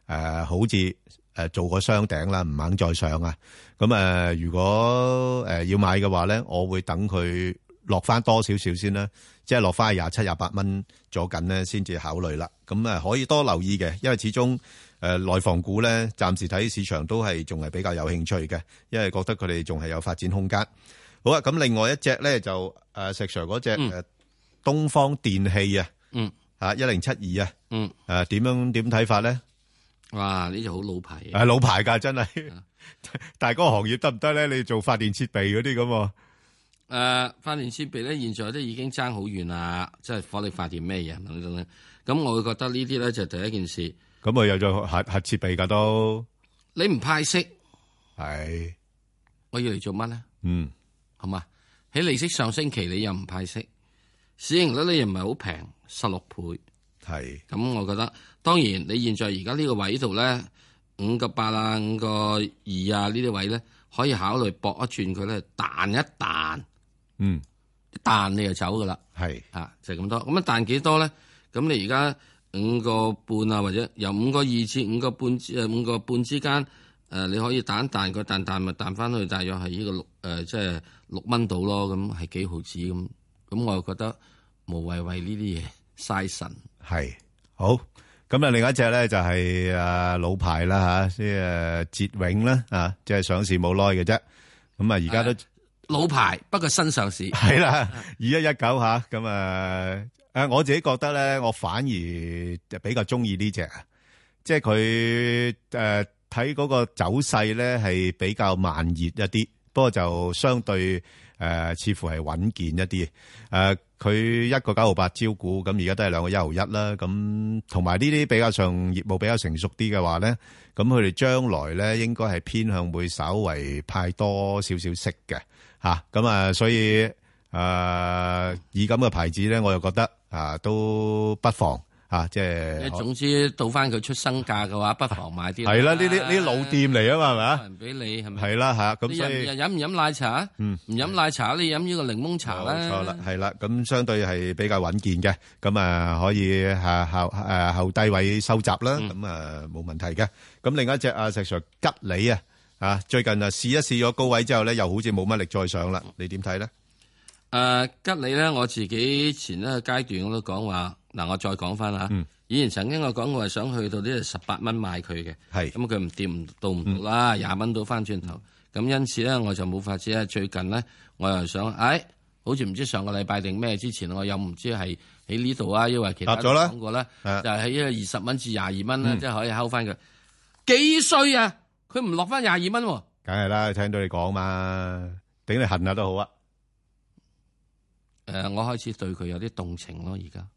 [SPEAKER 1] 誒、呃，好似誒做個雙頂啦，唔肯再上啊！咁、呃、誒，如果誒要買嘅話咧，我會等佢落翻多少少先啦，即係落翻廿七、廿八蚊左近咧，先至考慮啦。咁、呃、誒可以多留意嘅，因為始終誒、呃、內房股咧，暫時睇市場都係仲係比較有興趣嘅，因為覺得佢哋仲係有發展空間。好啊，咁另外一隻咧就誒、呃、石 Sir 嗰隻誒東方電器、嗯、啊，72，嗯，嚇一零七二啊，嗯，誒點樣點睇法咧？哇！呢就好老牌，老牌噶，真係。但係嗰行業得唔得咧？你做發電設備嗰啲咁啊？誒、
[SPEAKER 5] 呃，發電設備咧，現在都已經爭好遠啦。即係火力發電咩嘢咧？咁我會覺得呢啲咧就第一件事。
[SPEAKER 1] 咁啊，又再核核設備噶都。
[SPEAKER 5] 你唔派息，係我要嚟做乜咧？
[SPEAKER 8] 嗯，
[SPEAKER 5] 好嘛？喺利息上升期，你又唔派息，市盈率你又唔係好平，十六倍。係咁，是我覺得當然你現在而家呢個位度咧，五個八啊，五個二啊，呢啲位咧可以考慮搏一轉佢咧，彈一彈，嗯，彈你就走噶啦，係是啊，就咁、是、多咁啊。彈幾多咧？咁你而家五個半啊，或者由五個二至五個半之五個半之間、呃，你可以彈一彈，佢彈彈咪彈翻去，大約係呢個六誒、呃，即係六蚊到咯。咁係幾毫子咁咁，我又覺得無謂為呢啲嘢嘥
[SPEAKER 1] 神。係好，咁啊，另一隻咧就係老牌啦吓，即係捷永啦啊，即係上市冇耐嘅啫，咁啊而家都老牌，不過新上市係啦，二一一九吓，咁啊，誒、啊，我自己覺得咧，我反而比較中意呢隻，即係佢誒睇嗰個走勢咧係比較慢熱一啲，不過就相對。誒、呃、似乎係穩健一啲，誒佢一個九毫八招股，咁而家都係兩個一毫一啦，咁同埋呢啲比較上業務比較成熟啲嘅話咧，咁佢哋將來咧應該係偏向會稍為派多少少息嘅，嚇、啊，咁啊，所以誒、呃、以咁嘅牌子咧，我又覺得啊都不妨。吓，即係，總
[SPEAKER 5] 之到翻佢出生價嘅話，不妨買啲係啦，呢啲呢啲老
[SPEAKER 1] 店嚟啊嘛，係咪啊？人俾你係咪？係啦吓，咁即係。飲唔飲奶茶？嗯，唔飲奶茶，你飲呢個檸檬茶啦。冇錯啦，係啦，咁相對係比較穩健嘅，咁啊可以吓後誒後低位收集啦，咁啊冇問題嘅。咁另一隻阿石 Sir 吉利啊，啊最近啊試一試咗高位之後咧，又好似冇乜力再上啦，你點睇咧？
[SPEAKER 5] 誒、呃，吉利咧，我自己前一個階段我都講話，嗱，我再講翻吓。嗯、以前曾經我講，我係想去到呢十八蚊買佢嘅，咁佢唔掂唔到唔到，到啦，廿蚊到翻轉頭。咁、嗯、因此咧，我就冇法子啦。最近咧，我又想，誒、哎，好似唔知上個禮拜定咩之前，我又唔知係喺呢度、嗯、啊，亦或其他講過啦，就係喺二十蚊至廿二蚊啦，即係可以收翻佢。幾衰啊！佢唔落翻廿二蚊，
[SPEAKER 1] 梗係啦，聽到你講嘛，頂你恨下都好啊。誒、呃，我開始對佢有啲動情咯，而家。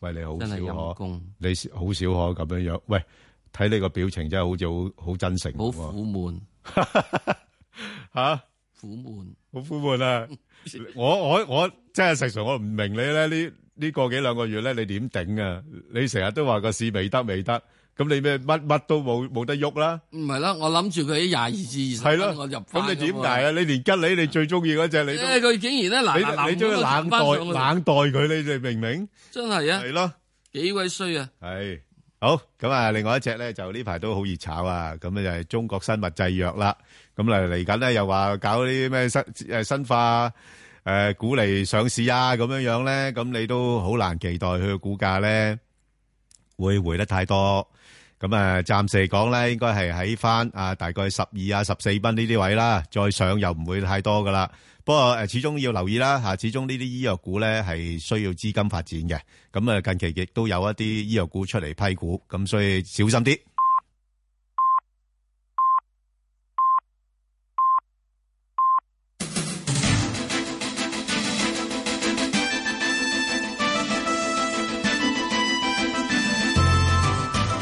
[SPEAKER 1] 喂，你好少可，你好少可咁樣樣。喂，睇你個表情真係好似好真誠。好苦悶，吓？苦悶，好苦悶啊！我我我真係實在我唔明你咧，呢呢個幾兩個月咧，你點頂啊？你成日都話個市未得未得。未咁你咩乜乜都冇冇得喐啦？
[SPEAKER 5] 唔係啦，我諗住佢喺廿二至二十，我入翻。咁你點解
[SPEAKER 1] 啊？你連吉利你最中意嗰隻你都，佢
[SPEAKER 5] 竟然咧冷冷，你中意冷待冷待佢，
[SPEAKER 1] 你哋明明
[SPEAKER 5] 真係啊！係咯，
[SPEAKER 1] 幾鬼衰啊！係好咁啊！另外一隻咧，就呢排都好熱炒啊！咁咧就係中國生物製藥啦。咁嚟嚟緊咧又話搞啲咩新誒新化誒鼓勵上市啊咁樣樣咧，咁你都好難期待佢嘅股價咧會回得太多。咁啊，暫時嚟講咧，應該係喺翻啊，大概十二啊十四蚊呢啲位啦，再上又唔會太多噶啦。不過誒，始終要留意啦嚇，始終呢啲醫藥股咧係需要資金發展嘅。咁啊，近期亦都有一啲醫藥股出嚟批股，咁所以小心啲。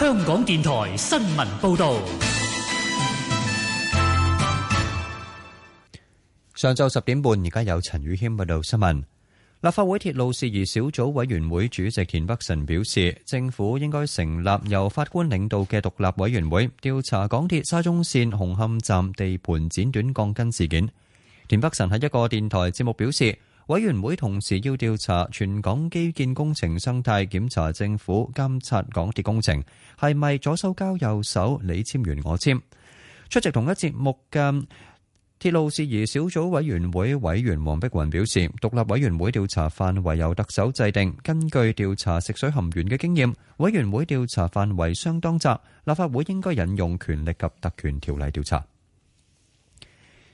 [SPEAKER 4] 香港電台新聞報道：
[SPEAKER 6] 上晝十點半，而家有陳宇謙報道新聞。立法會鐵路事宜小組委員會主席田北辰表示，政府應該成立由法官領導嘅獨立委員會，調查港鐵沙中線紅磡站地盤剪短鋼筋事件。田北辰喺一個電台節目表示。委員會同時要調查全港基建工程生態，檢查政府監察港鐵工程，係咪左手交右手？你簽完我簽。出席同一節目嘅鐵路事宜小組委員會委員黃碧雲表示，獨立委員會調查範圍由特首制定。根據調查食水含鉛嘅經驗，委員會調查範圍相當窄。立法會應該引用權力及特權條例調查。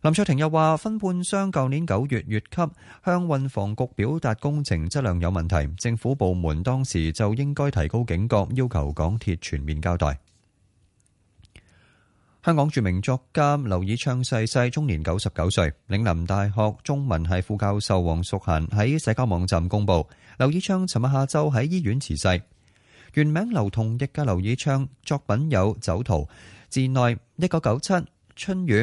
[SPEAKER 6] 林卓廷又話，分判商舊年九月越級向運房局表達工程質量有問題，政府部門當時就應該提高警覺，要求港鐵全面交代。香港著名作家劉以鬯逝世，終年九十九歲。嶺南大學中文系副教授黃淑嫻喺社交網站公布，劉以鬯尋日下晝喺醫院辭世，原名劉同繹嘅劉以鬯作品有《酒徒》、《字內》、《一九九七》、《春雨》。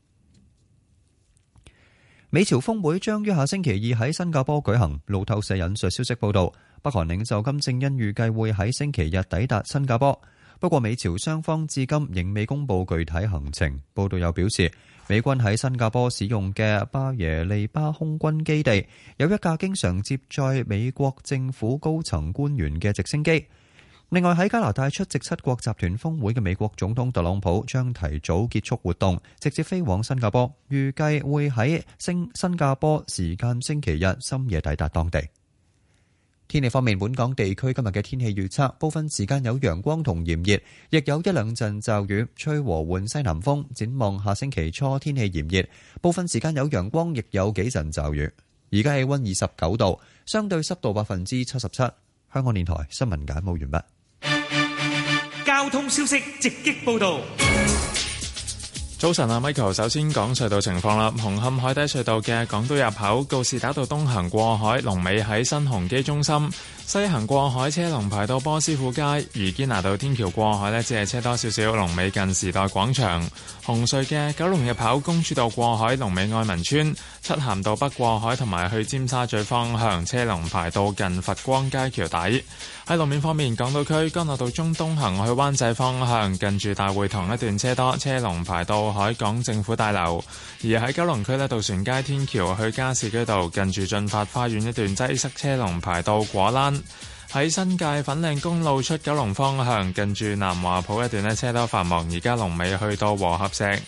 [SPEAKER 6] 美朝峰會將於下星期二喺新加坡舉行。路透社引述消息報道，北韓領袖金正恩預計會喺星期日抵達新加坡。不過，美朝雙方至今仍未公布具體行程。報道又表示，美軍喺新加坡使用嘅巴耶利巴空軍基地有一架經常接載美國政府高層官員嘅直升機。另外喺加拿大出席七國集團峰會嘅美國總統特朗普將提早結束活動，直接飛往新加坡，預計會喺星新加坡時間星期日深夜抵達當地。天氣方面，本港地區今日嘅天氣預測，部分時間有陽光同炎熱，亦有一兩陣驟雨，吹和緩西南風。展望下星期初天氣炎熱，部分時間有陽光，亦有幾陣驟雨。而家氣溫二十九度，相對濕度百分之七十七。香港電台新聞簡報
[SPEAKER 3] 完畢。
[SPEAKER 4] 通消息直擊報道。
[SPEAKER 3] 早晨阿 Michael 首先講隧道情況啦。紅磡海底隧道嘅港島入口告士打道東行過海，龍尾喺新鴻基中心；西行過海車龍排到波斯富街。而堅拿道天橋過海呢，只係車多少少，龍尾近時代廣場。紅隧嘅九龍入口公主道過海，龍尾愛民村；漆咸道北過海同埋去尖沙咀方向，車龍排到近佛光街橋底。喺路面方面，港島區江樂道中東行去灣仔方向，近住大會堂一段車多，車龍排到海港政府大樓。而喺九龍區呢，渡船街天橋去加士居道，近住駿發花園一段擠塞，車龍排到果欄。喺新界粉嶺公路出九龍方向，近住南華莆一段呢，車多繁忙，而家龍尾去到和合石。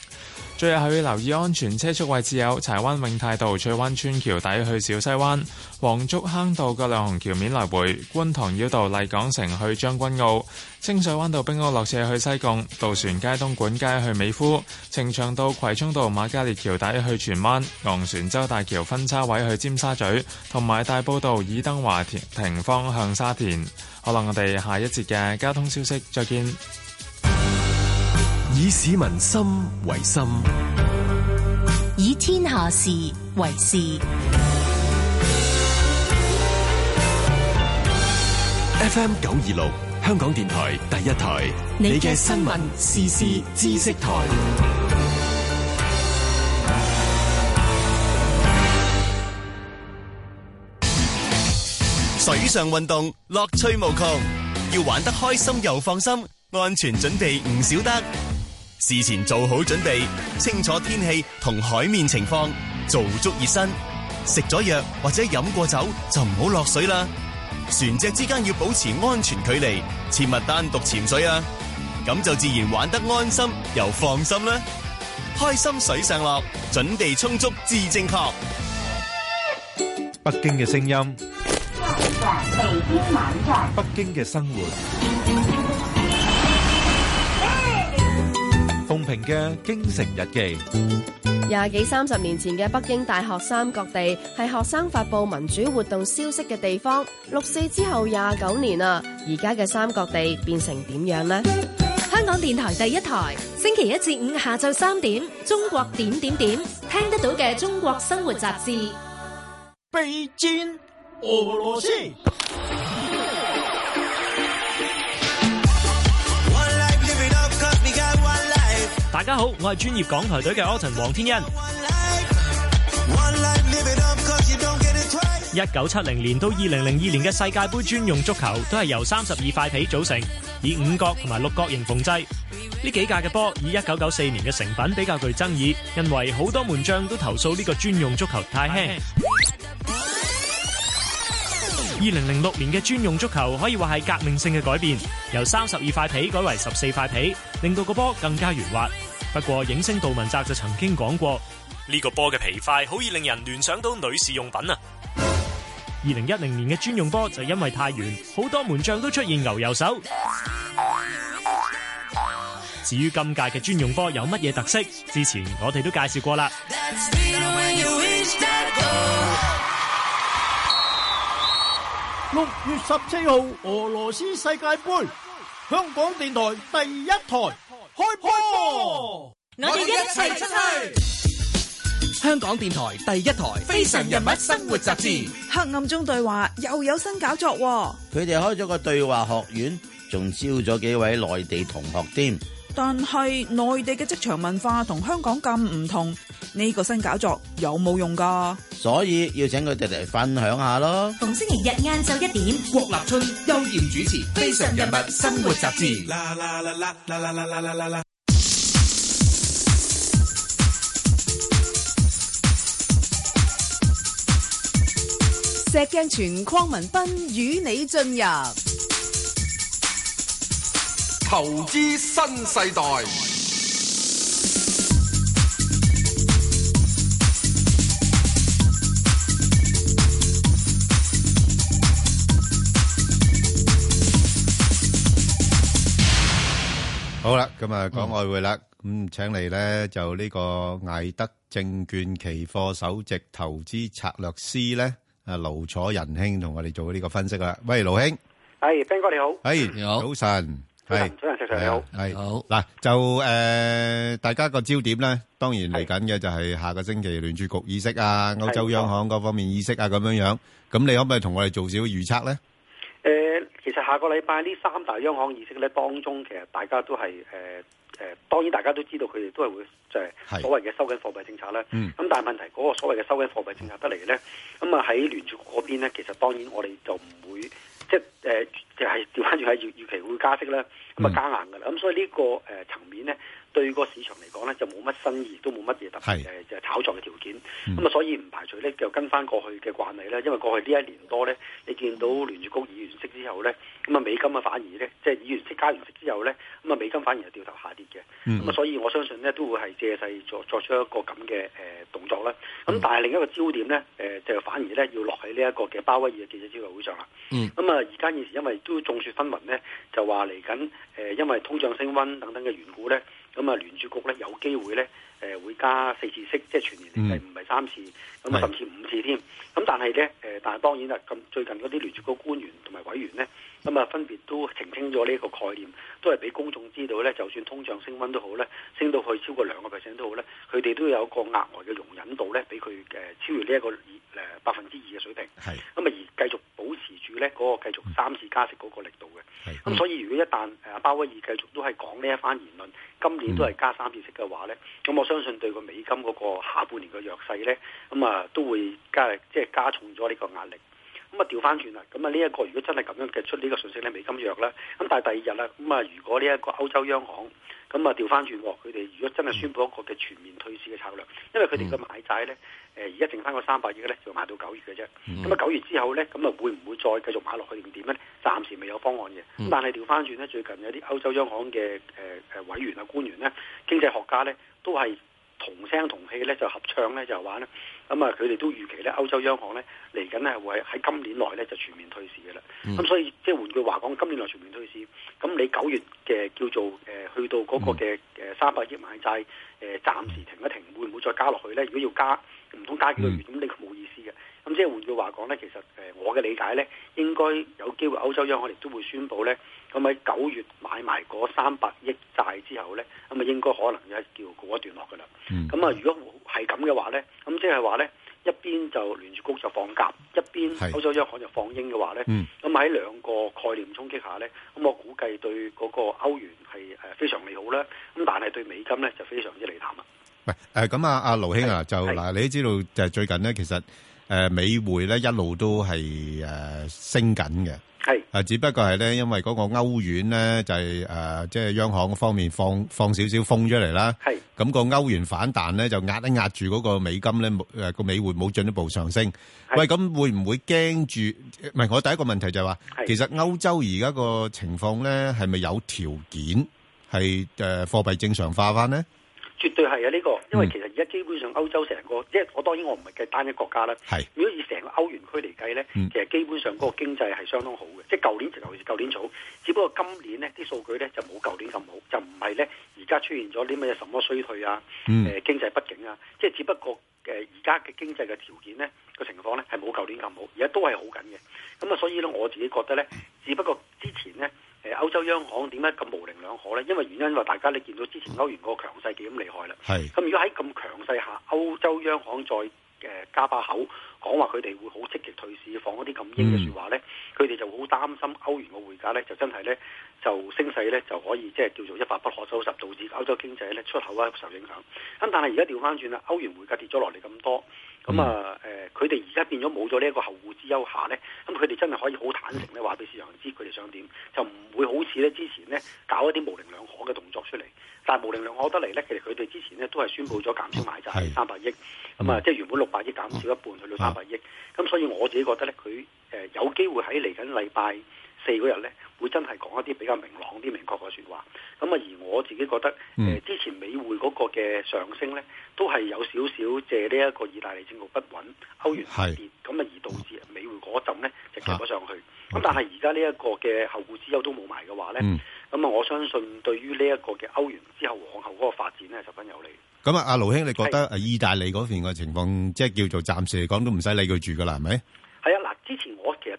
[SPEAKER 3] 最後要留意安全車速位置有柴灣永泰道翠灣村橋底去小西灣、黃竹坑道嘅兩紅橋面來回、觀塘繞道麗港城去將軍澳、清水灣道冰屋落斜去西貢、渡船街東管街去美孚、呈祥道葵涌道馬嘉烈橋底去荃灣、昂船洲大橋分叉位去尖沙咀，同埋大埔道爾登華庭方向沙田。好啦，我哋下一節嘅交通消息，再見。以市民心為心，
[SPEAKER 2] 以天下事為事。
[SPEAKER 3] FM 九二六，
[SPEAKER 4] 香港電台第一台，
[SPEAKER 3] 你嘅新聞、新聞時事、知識台。
[SPEAKER 4] 水上運動樂趣無窮，要玩得開心又放心，安全準備唔少得。事前做好準備，清楚天氣同海面情況，做足熱身，食咗藥或者飲過酒就唔好落水啦。船隻之間要保持安全距離，切勿單獨潛水啊！咁就自然玩得安心又放心啦，開心水上樂，準備充足至正確。
[SPEAKER 1] 北京嘅聲音，
[SPEAKER 3] 北京嘅生活，北京嘅生活。
[SPEAKER 1] 公平嘅
[SPEAKER 4] 京城日記，
[SPEAKER 2] 廿幾三十年前嘅北京大學三角地係學生發布民主活動消息嘅地方。六四之後廿九年啦，而家嘅三角地變成點樣呢？香港電台第一台，星期一至五下晝三點，中國點點點，聽得到嘅中國生活雜誌。備戰俄羅斯。
[SPEAKER 4] 大家好，我係專業港台隊嘅 Otten 黃天恩。一九七零年到二零零二年嘅世界杯專用足球都係由三十二塊皮組成，以五角同埋六角形縫製。呢幾屆嘅波以一九九四年嘅成品比較具爭議，因為好多門將都投訴呢個專用足球太輕。二零零六年嘅專用足球可以話係革命性嘅改變，由三十二塊皮改為十四塊皮，令到個波更加圓滑。不過影星杜汶澤就曾經講過，呢個波嘅皮塊，好易令人聯想到女士用品啊！二零一零年嘅專用波就因為太圓，好多門將都出現牛油手。至於今屆嘅專用波有乜嘢特色？之前我哋都介紹過啦。
[SPEAKER 8] 六月十
[SPEAKER 4] 七號俄羅斯世界杯，香港電台第一台。開波！
[SPEAKER 8] 開波！
[SPEAKER 2] 我哋一齊出
[SPEAKER 8] 去。
[SPEAKER 4] 香港電台第一台《非常人物生活
[SPEAKER 1] 雜誌》。
[SPEAKER 2] 黑暗中對話又有新搞作，哦。
[SPEAKER 1] 佢哋開咗個對話學院，仲招咗幾位內地同學添。
[SPEAKER 2] 但係內地嘅職場文化同香港咁唔同。呢個新搞作有冇用㗎？
[SPEAKER 1] 所以要請佢哋嚟分享下咯。逢星期
[SPEAKER 2] 日晏晝一點，郭立春、邱艷主持
[SPEAKER 1] 《非常
[SPEAKER 9] 人物》生活雜誌。
[SPEAKER 2] 石鏡泉、鄺民彬與你進入
[SPEAKER 7] 投資新世代。
[SPEAKER 1] 好啦，咁啊講外匯啦，咁請嚟咧就呢個艾德證券期貨首席投資策略師咧啊盧楚仁兄同我哋做呢個分析啦。喂，盧兄，係，彬哥你好，係，早晨，係，早晨，石 Sir 你好，係，好，嗱就誒大家個焦點咧，當然嚟緊嘅就係下個星期聯儲局議息啊，歐洲央行嗰方面議息啊，咁樣樣，咁你可唔可以同我哋做少少預測咧？
[SPEAKER 12] 誒、呃，其實下個禮拜呢三大央行議息咧，當中其實大家都係誒誒，當然大家都知道佢哋都係會就係所謂嘅收緊貨幣政策啦。咁是、嗯、但係問題嗰、那個所謂嘅收緊貨幣政策得嚟嘅咧，咁啊喺聯儲嗰邊咧，其實當然我哋就唔會即係誒、呃，就係調翻轉係預預期會加息咧，咁啊加硬㗎啦。咁、嗯啊、所以、這個呃、層面呢個誒層面咧。對個市場嚟講咧，就冇乜新意，都冇乜嘢特別嘅是就是炒作嘅條件。咁啊、嗯，所以唔排除咧，就跟翻過去嘅慣例啦。因為過去呢一年多咧，你見到聯儲局議員息之後咧，咁啊美金啊反而咧，即係議員息加完息之後咧，咁啊美金反而係掉頭下跌嘅。咁啊、嗯，所以我相信咧，都會係借勢作作出一個咁嘅誒動作啦。咁、嗯、但係另一個焦點咧，誒、呃、就反而咧要落喺呢一個嘅鮑威爾嘅記者招待會上啦。咁啊、嗯，而家現時因為都眾說紛紜咧，就話嚟緊誒，因為通脹升溫等等嘅緣故咧。咁啊，聯儲局咧，有機會咧，誒，會加四次息，即係全年嚟計唔係三次，咁啊甚至五次添。咁但係咧，誒，但係當然啦，咁最近嗰啲聯儲局官員同埋委員咧。咁啊，分別都澄清咗呢個概念，都係俾公眾知道呢。就算通脹升溫都好呢，升到去超過兩個 percent 都好呢，佢哋都有個額外嘅容忍度呢，俾佢超越呢一個二百分之二嘅水平。咁啊是，而繼續保持住呢嗰個繼續三次加息嗰個力度嘅。咁是，所以如果一旦阿鮑威爾繼續都係講呢一番言論，今年都係加三次息嘅話呢，咁、嗯、我相信對個美金嗰個下半年嘅弱勢呢，咁啊都會加即、即係、加重咗呢個壓力。咁啊，調翻轉啦！咁啊，呢一個如果真係咁樣嘅出呢個信息，咧，未咁弱啦。咁但係第二日啦，咁啊，如果呢一個歐洲央行咁啊，調翻轉喎，佢哋如果真係宣佈一個嘅全面退市嘅策略，因為佢哋嘅買債咧，誒而家剩翻個三百億咧，就買到九月嘅啫。咁啊，九月之後咧，咁啊，會唔會再繼續買落去定點咧？暫時未有方案嘅。但係調翻轉咧，最近有啲歐洲央行嘅誒誒委員啊、官員咧、經濟學家咧，都係。同聲同氣咧就合唱咧就話咧，咁啊，佢哋都預期咧歐洲央行咧嚟緊咧會喺今年內咧就全面退市嘅啦。咁、嗯、所以即係換句話講，今年內全面退市，咁你九月嘅叫做誒、呃、去到嗰個嘅誒三百億買債誒暫時停一停，會唔會再加落去咧？如果要加，唔通加幾個月咁，你冇意思嘅。咁即係換句話講咧，其實誒、呃、我嘅理解咧，應該有機會歐洲央行亦都會宣布咧。咁喺九月買埋嗰三百億債之後咧，咁啊應該可能咧叫告一段落噶啦。咁啊、嗯，如果係咁嘅話咧，咁即係話咧，一邊就聯儲局就放鴿，一邊歐洲央行就放鷹嘅話咧，咁喺、嗯、兩個概念衝擊下咧，咁我估計對嗰個歐元係非常利好啦。咁但係對美金咧就非常之利淡啦
[SPEAKER 1] 喂，咁、呃、啊，阿、呃呃、盧兄啊，就嗱，的你都知道就係、呃、最近咧，其實、呃、美匯咧一路都係、呃、升緊嘅。係，啊是只不過係咧，因為嗰個歐元咧就係誒，即係央行方面放放少少風出嚟啦。係是，咁個歐元反彈咧就壓一壓住嗰個美金咧，誒個美匯冇進一步上升。是喂，咁會唔會驚住？唔係，我第一個問題就係話，是其實歐洲而家個情況咧，係咪有條件係誒貨幣正常化翻咧？
[SPEAKER 12] 絕對係啊！呢、這個，因為其實而家基本上歐洲成個，即係我當然我唔係計單一國家啦。係是，如果以成個歐元區嚟計咧，其實基本上嗰個經濟係相當好嘅。嗯、即係舊年尤其舊年早，只不過今年呢啲數據咧就冇舊年咁好，就唔係咧而家出現咗啲乜嘢什麼衰退啊？誒、嗯呃、經濟不景啊？即係只不過誒而家嘅經濟嘅條件咧個情況咧係冇舊年咁好，而家都係好緊嘅。咁啊，所以咧我自己覺得咧，只不過之前咧。歐洲央行點解咁模棱兩可咧？因為原因因為大家你見到之前歐元嗰個強勢幾咁厲害啦，咁是如果喺咁強勢下，歐洲央行再誒加把口，講話佢哋會好積極退市放一啲咁鷹嘅說話咧，佢哋、嗯、就好擔心歐元嘅匯價咧，就真係咧。就升勢咧，就可以即係叫做一發不可收拾，導致歐洲經濟咧出口咧、啊、受影響。咁但係而家調翻轉啦，歐元匯價跌咗落嚟咁多，咁啊誒、佢哋而家變咗冇咗呢一個後顧之憂下咧，咁佢哋真係可以好坦誠咧話俾市場知佢哋想點，就唔會好似咧之前咧搞一啲模棱兩可嘅動作出嚟。但係模棱兩可得嚟咧，其實佢哋之前咧都係宣布咗減少買債三百億，咁啊的、嗯、即係原本六百億減少一半去到三百億。咁的所以我自己覺得咧，佢、呃、有機會喺嚟緊禮拜。四個日咧，會真係講一啲比較明朗、啲明確嘅説話。咁啊，而我自己覺得，誒、嗯呃、之前美匯嗰個嘅上升咧，都係有少少借呢一個意大利政局不穩、歐元跌，咁啊是而導致美匯嗰陣咧就跌咗上去。咁、啊啊、但係而家呢一個嘅後顧之憂都冇埋嘅話咧，咁啊、嗯、我相信對於呢一個嘅歐元之後往後嗰個發展咧，十分有利。
[SPEAKER 1] 咁啊，阿盧兄，你覺得啊，意大利嗰邊嘅情況，是即係叫做暫時嚟講都唔使理佢住噶啦，係咪？
[SPEAKER 12] 係啊，嗱，之前，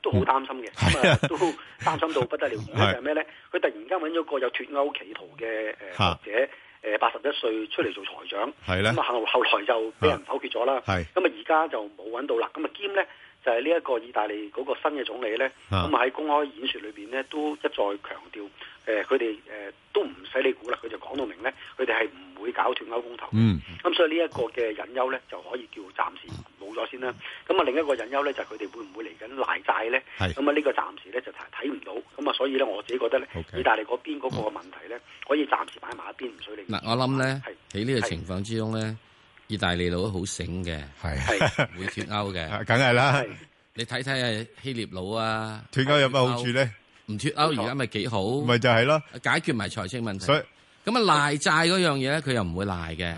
[SPEAKER 12] 都好擔心嘅，咁啊 [laughs] 都擔心到不得了。而家 [laughs] 是就咩咧？佢突然間揾咗個有脱歐企圖嘅誒、呃啊、學者，誒八十一歲出嚟做財長，咁啊後後來就俾人否決咗啦。咁啊而家、嗯、就冇揾到啦。咁、嗯、啊兼咧就係呢一個意大利嗰個新嘅總理咧，咁啊喺、嗯、公開演説裏邊咧都一再強調。誒佢哋誒都唔使你估啦，佢就講到明咧，佢哋係唔會搞脱歐公投。嗯，咁所以呢一個嘅隱憂咧，就可以叫暫時冇咗先啦。咁啊，另一個隱憂咧就係佢哋會唔會嚟緊賴債咧？咁啊，呢個暫時咧就睇唔到。咁啊，所以咧我自己覺得咧，意大利嗰邊嗰個問題咧，可以暫時擺埋一邊，唔使你理。
[SPEAKER 5] 嗱，我諗咧喺呢個情況之中咧，意大利佬都好醒嘅，係會脱歐嘅，梗係啦。你睇睇係希臘佬啊，脱歐有乜好處咧？唔脱歐而家咪幾好，咪就係咯，解決埋財政問題。所以咁啊，賴債嗰樣嘢咧，佢又唔會賴嘅。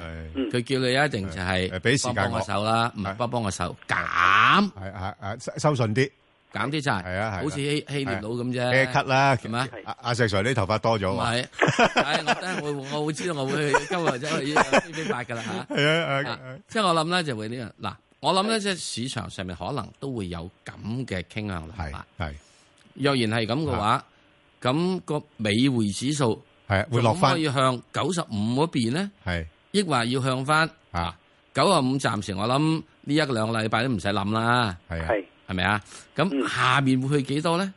[SPEAKER 5] 佢叫你一定就係俾時間我手啦，唔係幫幫我手減。係
[SPEAKER 1] 係係收順啲，減啲債。係啊係，好似希臘佬咁啫。爹咳啦，係嘛？阿阿石 Sir 你頭髮多咗。唔係，係
[SPEAKER 5] 我等下我我會知道我會去今日真係要飛飛髮噶啦吓。係啊係啊，即係我諗咧就會呢樣嗱，我諗咧即係市場上面可能都會有咁嘅傾向啦。係係。若然係咁嘅話，咁個美匯指數係會落翻，要向九十五嗰邊咧，抑或要向翻啊九啊五。暫時我諗呢一兩個禮拜都唔使諗啦，係係咪啊？咁下面會去幾多咧？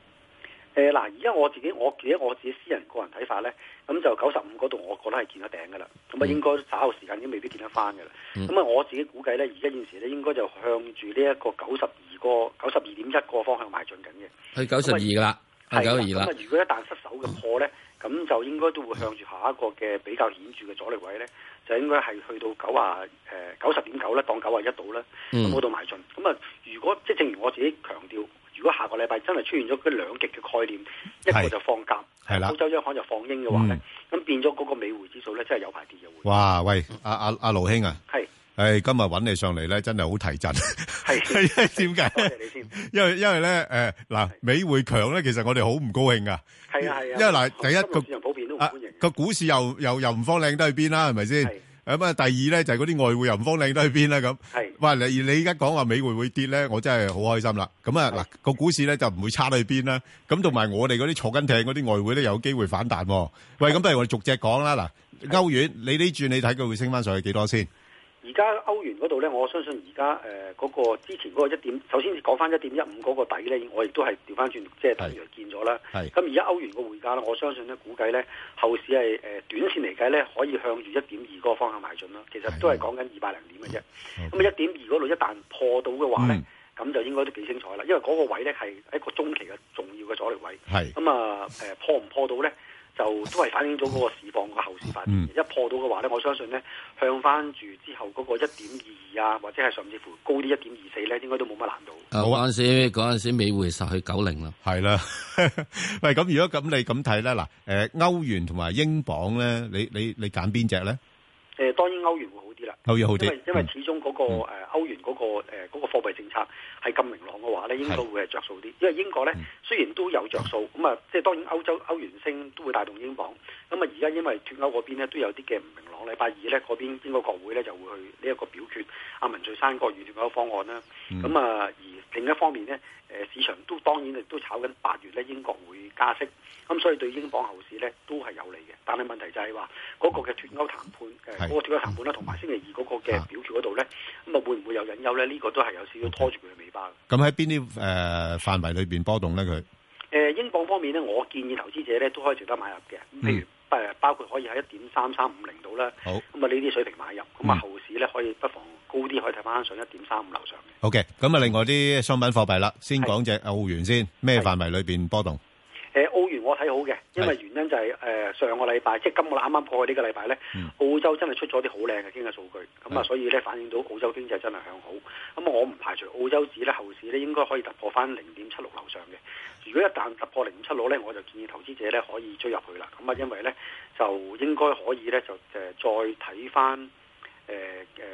[SPEAKER 12] 誒，嗱，而家我自己，我記得我自己私人個人睇法咧。咁就九十五嗰度，我覺得係見到頂噶啦，咁啊、嗯、應該稍後時間已經未必見得翻噶啦。咁啊、嗯、我自己估計咧，而家現時咧應該就向住呢一個九十二個九十二點一個方向埋進緊嘅，
[SPEAKER 5] 去九十二噶啦，就去九十二啦。咁啊如
[SPEAKER 12] 果一旦失手嘅破咧，咁、嗯、就應該都會向住下一個嘅比較顯著嘅阻力位咧，就應該係去到九啊誒九十點九，當九啊一度啦。咁嗰度埋進。咁啊如果即、就係、正如我自己強調。如果下個禮拜真係出現咗嗰兩極嘅概念，一個就放鴿，歐洲央行
[SPEAKER 1] 就放鷹嘅話咧，咁變咗嗰個美匯指數咧，真係有排跌嘅會。哇！喂，阿阿阿盧兄啊，係，誒今日揾你上嚟咧，真係好提振。係係，點解？多謝你先。因為因為咧，誒嗱，美匯強咧，其實我哋好唔高興噶。係啊係啊。因為嗱，第一個市場普遍都唔歡迎。個股市又又又唔放靚得去邊啦？係咪先？咁啊、嗯，第二咧就係嗰啲外匯又唔方靚都去邊啦咁。係，喂是，而你你而家講話美匯會跌咧，我真係好開心啦。咁是啊，嗱、那個股市咧就唔會差到去邊啦。咁同埋我哋嗰啲坐緊艇嗰啲外匯咧又有機會反彈喎，哦。是喂，咁不如我哋逐隻講啦。嗱是，歐元，你呢轉你睇佢會升翻上去幾多先？
[SPEAKER 12] 而家歐元嗰度咧，我相信而家誒嗰個之前嗰個一點，首先講翻一點一五嗰個底咧，我亦都係調翻轉，即係突然見咗
[SPEAKER 1] 啦。係。咁
[SPEAKER 12] 而家歐元個匯價咧，我相信咧估計咧，後市係誒、呃、短線嚟計咧，可以向住一點二嗰個方向邁進啦。其實都係講緊二百零點嘅啫。咁的一點二嗰度一旦破到嘅話咧，咁、嗯、就應該都幾清楚啦。因為嗰個位咧係一個中期嘅重要嘅阻力位。係是。咁啊誒破唔破到咧？就都係反映咗嗰個市況、嗰個後市發、嗯、一破到嘅話咧，我相信咧向翻住之後嗰個一點二二啊，或者係甚至乎高啲一點二四咧，應該都冇乜難度。
[SPEAKER 8] 啊，嗰
[SPEAKER 5] 陣
[SPEAKER 1] 時嗰陣時美匯實去九零啦，係啦。喂，咁如果咁你咁睇咧，嗱，誒歐元同埋英鎊咧，你你你揀邊隻咧？
[SPEAKER 12] 誒，當然歐元會好。
[SPEAKER 1] 歐元好啲，因為始
[SPEAKER 12] 終嗰、那個、嗯、歐元嗰、那個誒嗰、呃那個、貨幣政策係咁明朗嘅話咧，應該會係着數啲。是因為英國咧雖然都有着數，咁啊、嗯，即當然歐洲歐元升都會帶動英鎊。咁啊，而家因為脫歐嗰邊咧都有啲嘅唔明朗。禮拜二咧嗰邊英國國會咧就會去呢一個表決阿文翠珊個預脫歐方案啦。咁、嗯、啊，而另一方面咧。誒市場都當然亦都炒緊八月咧英國會加息，咁所以對英鎊後市咧都係有利嘅。但係問題就係話嗰個嘅脱歐談判，誒嗰個脱歐談判咧，同埋星期二嗰個嘅表決嗰度咧，咁啊會唔會有隱憂咧？呢個都係有少少拖住佢嘅尾巴。
[SPEAKER 1] 咁喺邊啲誒範圍裏邊波動咧？佢
[SPEAKER 12] 誒英鎊方面咧，我建議投資者咧都可以值得買入嘅。譬如。包括可以喺一點三三五零度啦。好咁啊呢啲水平買入，
[SPEAKER 1] 咁啊後市
[SPEAKER 12] 咧可以不妨高啲，可以睇翻上一點三五樓上
[SPEAKER 1] 嘅。OK，咁啊另外啲商品貨幣啦，先講隻澳元先，咩範圍裏邊波動。的
[SPEAKER 12] 誒澳元我睇好嘅，因為原因就係誒上個禮拜，即係今個啱啱破去呢個禮拜呢，澳洲真係出咗啲好靚嘅經濟數據，咁啊所以呢反映到澳洲經濟真係向好，咁我唔排除澳洲指呢後市呢應該可以突破翻零點七六樓上嘅。如果一旦突破零點七六呢，我就建議投資者呢可以追入去啦。咁啊因為呢就應該可以呢，就誒再睇翻。誒誒、呃，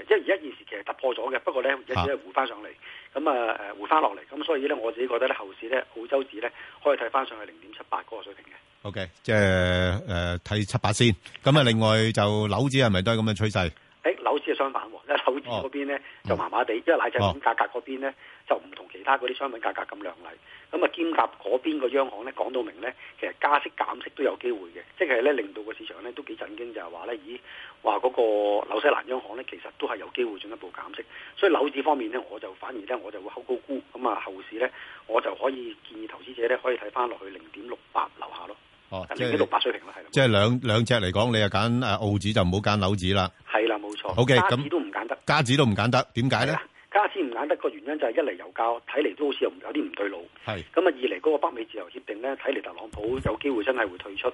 [SPEAKER 12] 因為而家現時其實突破咗嘅，不過咧一啲咧回翻上嚟，咁啊誒、呃、回翻落嚟，咁所以咧我自己覺得咧後市咧澳洲紙咧可以睇翻上去零點七八嗰個水平嘅。
[SPEAKER 1] O、okay, K，即係誒睇七八先，咁啊另外就紐紙係咪都係咁嘅趨勢？
[SPEAKER 12] 誒、欸、紐紙係相反喎，因為紐紙嗰邊咧、哦、就麻麻地，因為奶製品價格嗰邊咧、哦、就唔同其他嗰啲商品價格咁靚麗。咁啊、嗯，兼搭嗰邊個央行咧，講到明咧，其實加息減息都有機會嘅，即係咧令到個市場咧都幾震驚，就係話咧，咦，話嗰個紐西蘭央行咧，其實都係有機會進一步減息，所以樓市方面咧，我就反而咧，我就會好高估，咁啊後市咧，我就可以建議投資者咧，可以睇返落去零點六八樓下咯。哦、啊，即係六
[SPEAKER 1] 八水平咯，係即係兩隻嚟講，你啊揀澳紙就唔好揀樓指啦。
[SPEAKER 12] 係啦，冇錯。OK，咁。加紙都唔揀得。加
[SPEAKER 1] 紙都唔揀得，點解咧？
[SPEAKER 12] 加息唔硬得個原因就係一嚟油價睇嚟都好似有有啲唔對路，係咁啊，二嚟嗰個北美自由協定咧，睇嚟特朗普有機會真係會退出，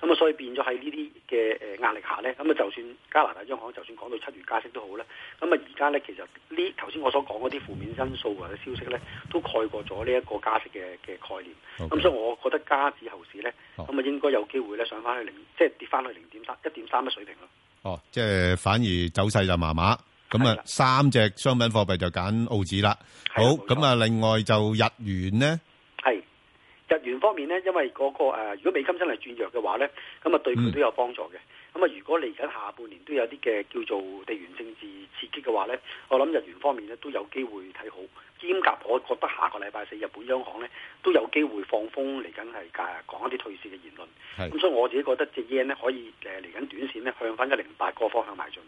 [SPEAKER 12] 咁啊所以變咗喺呢啲嘅壓力下咧，咁啊就算加拿大央行就算講到七月加息都好啦。咁啊而家咧，其實呢頭先我所講嗰啲負面因素或者消息咧，都蓋過咗呢一個加息嘅嘅概念，咁所以我覺得加息後市咧，咁啊應該有機會咧上翻去零，哦、即係跌翻去零點三一點三嘅水平咯。
[SPEAKER 1] 哦，即係反而走勢就麻麻。咁啊，嗯、的三隻商品貨幣就揀澳紙啦。好，咁啊，另外就日元呢？
[SPEAKER 12] 係日元方面呢，因為嗰、那個、呃、如果美金真係轉弱嘅話呢，咁啊對佢都有幫助嘅。咁啊、嗯，如果嚟緊下，下半年都有啲嘅叫做地緣政治刺激嘅話呢，我諗日元方面咧都有機會睇好。兼夾，我覺得下個禮拜四日本央行呢都有機會放風嚟緊係誒講一啲退市嘅言論。咁的所以我自己覺得隻 yen 咧可以誒嚟緊短線呢，向翻一零八個方向邁進。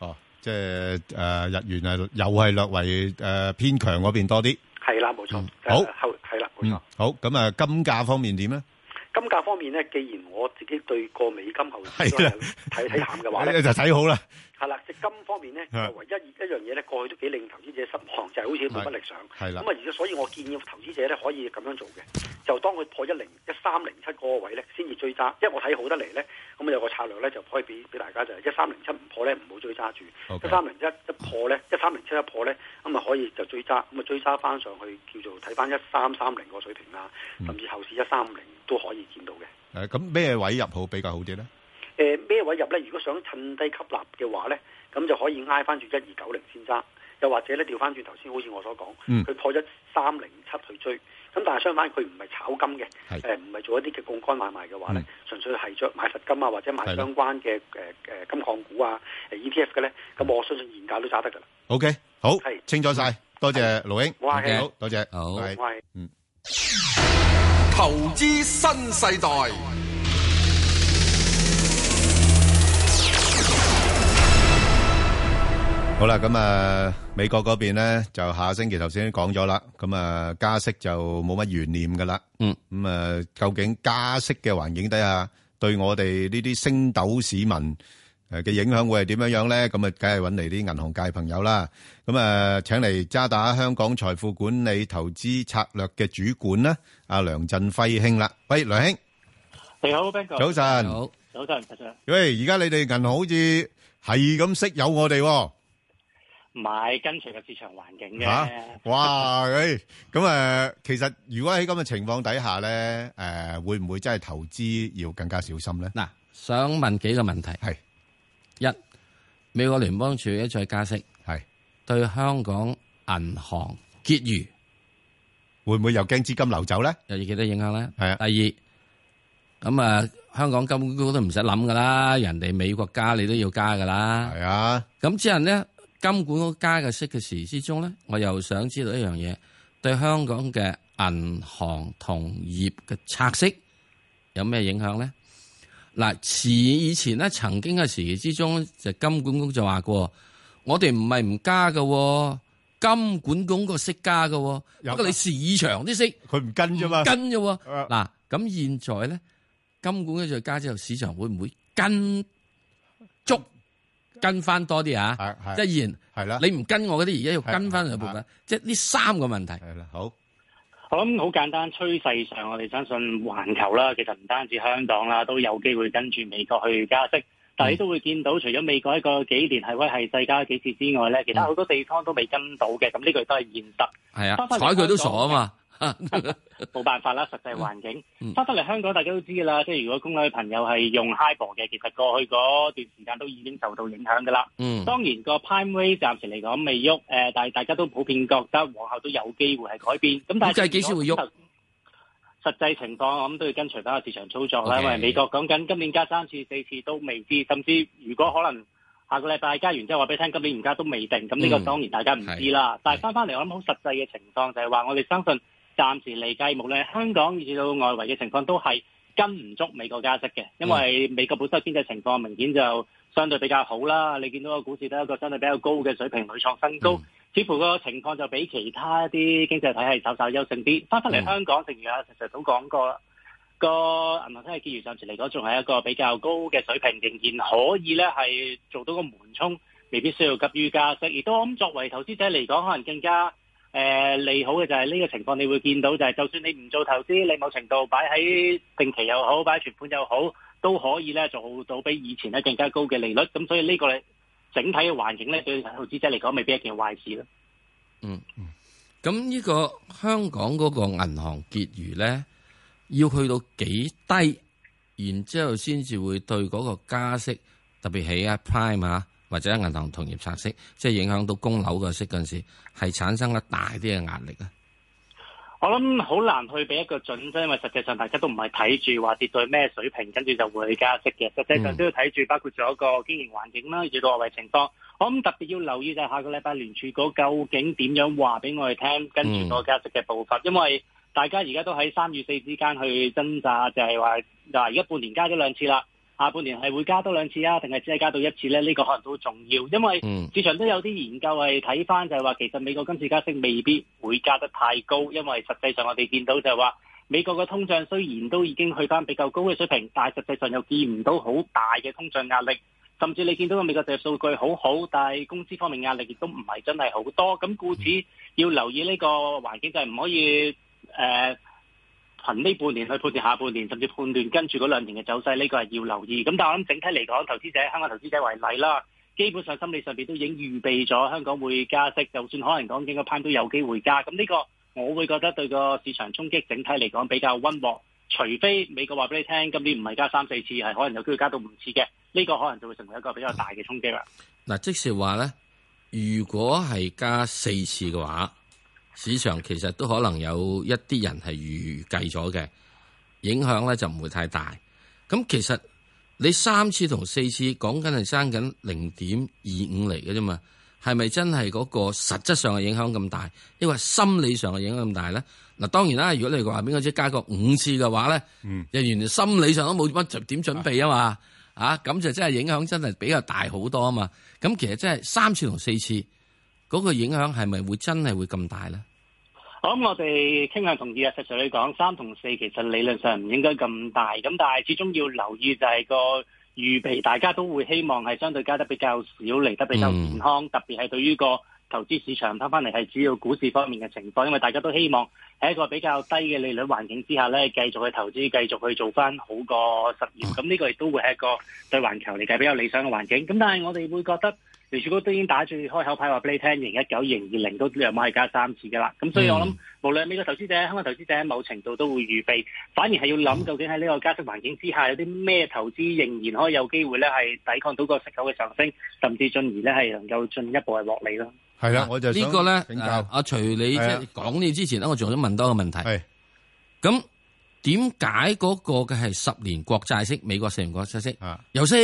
[SPEAKER 12] 哦。
[SPEAKER 1] 即係誒日元誒又係略為誒偏強嗰邊多啲，係啦，冇錯。好後係啦，冇錯。好。咁啊，金價方面點咧？
[SPEAKER 12] 金價方面咧，既然我自己對個美金後市睇睇淡嘅話咧，就睇好啦。係啦，資金方面咧，的唯一一樣嘢咧，過去都幾令投資者失望，就係、是、好似冇乜力上。係啦，咁啊，而家所以我建議投資者咧，可以咁樣做嘅，就當佢破一零一三零七嗰個位咧，先至追揸。因為我睇好得嚟咧，咁有個策略咧，就可以俾俾大家，就係一三零七唔破咧，唔好追揸住。一三零七一破咧，一三零七一破咧，咁啊可以就追揸，咁啊追揸翻上去叫做睇翻一三三零個水平啦，甚至後市一三五零都可以見到嘅。誒、
[SPEAKER 1] 嗯，咁咩位入好比較好啲咧？
[SPEAKER 12] 誒，咩位入咧？如果想趁低吸納嘅話咧，咁就可以挨翻住一二九零先生，又或者咧調翻轉頭先，好似我所講，佢破咗三零七去追，咁但係相反佢唔係炒金嘅，誒唔係做一啲嘅槓桿買賣嘅話咧，純粹係做買實金啊或者買相關嘅，誒誒金礦股啊，誒 E T F 嘅咧，咁
[SPEAKER 7] 我相信現價都揸得噶啦。
[SPEAKER 1] O K，好，係清楚晒，多謝盧英，好多謝，
[SPEAKER 7] 好，嗯，投資新世代。
[SPEAKER 1] 好啦，咁啊，美國嗰邊咧就下星期頭先已經講咗啦，咁啊加息就冇乜懸念噶啦。嗯，咁啊，究竟加息嘅環境底下，對我哋呢啲星斗市民誒嘅影響會係點樣樣咧？咁啊，梗係搵嚟啲銀行界朋友啦。咁啊，請嚟渣打香港財富管理投資策略嘅主管啦，阿梁振輝兄啦。喂，梁兄，
[SPEAKER 8] 你好，早晨，早晨，早
[SPEAKER 1] 晨。喂，而家你哋銀行好似係咁識有我哋，
[SPEAKER 13] 唔係跟隨個市場環
[SPEAKER 1] 境嘅。吓哇，咁誒，其實如果喺咁嘅情況底下咧，誒，會唔會真係投資要更加小心咧？嗱，想問幾個問題。係一，美國聯邦
[SPEAKER 5] 儲局再加息，係對香港銀行結餘會唔會又驚資金流走咧？有幾多影響咧？係。第二，咁啊，香港金股都唔使諗噶啦，人哋美國加你都要加噶啦。係啊，咁之後咧？金管局加嘅息嘅時之中咧，我又想知道一樣嘢，對香港嘅銀行同業嘅拆息有咩影響咧？嗱，時以前咧曾經嘅時期之中，就金管局就話過，我哋唔係唔加嘅，金管局個息加嘅，有，不過你市場啲息佢唔跟啫嘛，跟啫。嗱，咁現在咧金管局再加之後，市場會唔會跟？跟翻多啲啊！即係然，你唔跟我嗰啲，而家要跟翻佢配合。即係呢三個問題。係啦，好。
[SPEAKER 13] 我諗好簡單，趨勢上我哋相信環球啦，其實唔單止香港啦，都有機會跟住美國去加息。但係你都會見到，除咗美國一個幾年係威係勢加幾次之外咧，其他好多地方都未跟到嘅。咁呢個都係現實。
[SPEAKER 8] 係啊，睬佢都傻啊嘛！
[SPEAKER 13] 冇 [laughs] 辦法啦，實際環境翻翻嚟香港，大家都知噶啦。即係如果公眾朋友係用 HIBOR 嘅，其實過去嗰段時間都已經受到影響噶啦。嗯，當然個 Prime Rate 暫時嚟講未喐，誒、呃，但係大家都普遍覺得往後都有機會係改變。咁但係幾時會喐？實際情況我諗都要跟隨翻個市場操作啦。Okay, 因為美國講緊今年加三次四次都未知，甚至如果可能下個禮拜加完之後話俾你聽，今年而家都未定。咁呢、嗯、個當然大家唔知啦。是但係翻翻嚟，我諗好實際嘅情況就係話，我哋相信。暫時嚟計，無論香港以至到外圍嘅情況都係跟唔足美國加息嘅，因為美國本身經濟情況明顯就相對比較好啦。你見到個股市都係一個相對比較高嘅水平，屢創新高，似乎個情況就比其他一啲經濟體系稍稍優勝啲。翻返嚟香港，正如阿石石都講過，個銀行體系結餘暫時嚟講仲係一個比較高嘅水平，仍然可以咧係做到個緩衝，未必需要急於加息。亦都咁作為投資者嚟講，可能更加。誒利好嘅就係呢個情況，你會見到就係，就算你唔做投資，你某程度擺喺定期又好，擺喺存款又好，都可以咧做到比以前咧更加高嘅利率。咁所以呢個咧整體嘅環境咧，對投資者嚟講，未必一件壞事咯、嗯。嗯，
[SPEAKER 5] 咁呢個香港嗰個銀行結餘咧，要去到幾低，然之後先至會對嗰個加息，特別係啊 prime 啊。或者銀行同業拆息，即係影響到供樓嘅息嗰陣時候，係產生咗大啲嘅壓力啊！
[SPEAKER 13] 我諗好難去俾一個準則，因為實際上大家都唔係睇住話跌到咩水平，跟住就會加息嘅。實際上都要睇住，包括咗個經營環境啦，以內外圍情況。我諗特別要留意就係下個禮拜聯儲局究竟點樣話俾我哋聽，跟住個加息嘅步伐。嗯、因為大家而家都喺三與四之間去掙扎，就係話嗱，而家半年加咗兩次啦。下半年係會加多兩次啊，定係只係加到一次呢？呢個可能都好重要，因為市場都有啲研究係睇翻，就係話其實美國今次加息未必會加得太高，因為實際上我哋見到就係話美國嘅通脹雖然都已經去翻比較高嘅水平，但係實際上又見唔到好大嘅通脹壓力，甚至你見到個美國嘅數據好好，但係公司方面壓力亦都唔係真係好多，咁故此要留意呢個環境就係唔可以誒。呃憑呢半年去判斷下半年，甚至判斷跟住嗰兩年嘅走勢，呢個係要留意。咁但係我諗整體嚟講，投資者香港投資者為例啦，基本上心理上面都已經預備咗香港會加息，就算可能講緊個 P 都有機會加。咁呢個我會覺得對個市場衝擊整體嚟講比較溫和，除非美國話俾你聽，今年唔係加三四次，係可能有機會加到五次嘅，呢個可能就會成為一個比較大嘅衝擊啦。
[SPEAKER 5] 嗱，即是話呢，如果係加四次嘅話。市場其實都可能有一啲人係預計咗嘅影響咧，就唔會太大。咁其實你三次同四次講緊係爭緊零點二五嚟嘅啫嘛，係咪真係嗰個實質上嘅影響咁大，因為心理上嘅影響咁大咧？嗱，當然啦，如果你話畀我知加個五次嘅話咧，嗯，人原來心理上都冇乜點點準備啊嘛，啊，咁、啊、就真係影響真係比較大好多啊嘛。咁其實真係三次同四次。嗰個影響係咪會真係會咁大呢？
[SPEAKER 13] 好，我哋傾向同意啊，實際上嚟講，三同四其實理論上唔應該咁大，咁但係始終要留意就係個預備，大家都會希望係相對加得比較少，嚟得比較健康，嗯、特別係對於個投資市場翻翻嚟係主要股市方面嘅情況，因為大家都希望喺一個比較低嘅利率環境之下呢，繼續去投資，繼續去做翻好過實業。咁呢、嗯、個亦都會係一個對環球嚟計比較理想嘅環境。咁但係我哋會覺得。連住哥都已經打最開口牌，話俾你聽，二零一九、二零二零都兩買加三次噶啦。咁所以我諗，無論美國投資者、香港投資者，喺某程度都會預備，反而係要諗究竟喺呢個加息環境之下，有啲咩投資仍然可以有機會咧，係抵抗到個息口嘅上升，甚至進而咧係能夠進一步係落嚟咯。
[SPEAKER 5] 係啦，我就呢個咧啊，阿徐你即係講呢之前咧，我仲想問多個問題。係咁點解嗰個嘅係十年國債息、美國十年國債息啊，又升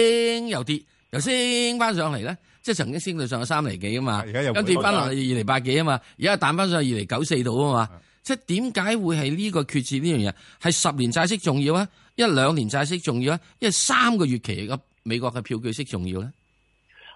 [SPEAKER 5] 又跌，又升翻上嚟咧？即係曾經升到上去三厘幾啊嘛，現在跟住翻落去二厘八幾啊嘛，而家彈翻上去二厘九四度啊嘛，即係點解會係呢個決戰呢樣嘢係十年債息重要啊，一兩年債息重要啊，因為三個月期嘅美國嘅票據息重要咧？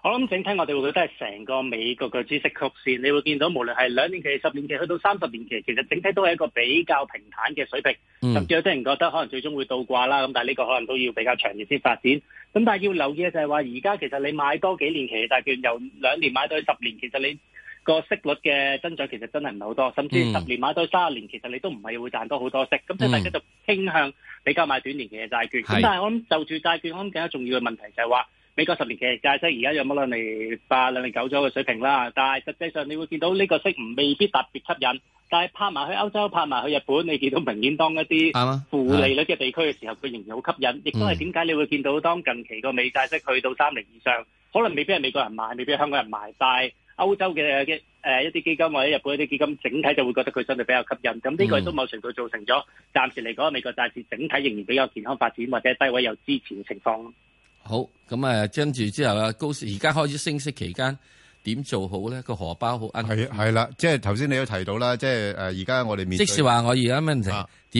[SPEAKER 13] 我諗整體我哋會覺得係成個美國嘅孳息曲線，你會見到無論係兩年期、十年期，去到三十年期，其實整體都係一個比較平坦嘅水平。甚至有啲人覺得可能最終會倒掛啦，咁但係呢個可能都要比較長遠先發展。咁但係要留意嘅就係話，而家其實你買多幾年期嘅債券，由兩年買到十年，其實你個息率嘅增長其實真係唔係好多。甚至十年買到三十年，嗯、其實你都唔係會賺多好多息。咁即係大家就傾向比較買短年期嘅債券。咁是但係我諗就住債券，我諗更加重要嘅問題就係話。美國十年期債息而家有冇兩厘八兩厘九左右嘅水平啦，但係實際上你會見到呢個息唔未必特別吸引，但係拍埋去歐洲、拍埋去日本，你見到明顯當一啲負利率嘅地區嘅時候，佢仍然好吸引，亦都係點解你會見到當近期個美債息去到三厘以上，嗯、可能未必係美國人買，未必係香港人買，但歐歐洲嘅嘅、呃、一啲基金或者日本一啲基金整體就會覺得佢相對比較吸引，咁呢個也都某程度造成咗暫時嚟講美國債市整體仍然比較健康發展或者低位有
[SPEAKER 5] 支持嘅情況。好咁啊！跟住之後啊，高而家開始升息期間點做好咧？個荷包好奀。係啊係啦，即係頭先你都提到啦，即係而家我哋面對。即使話我而家問題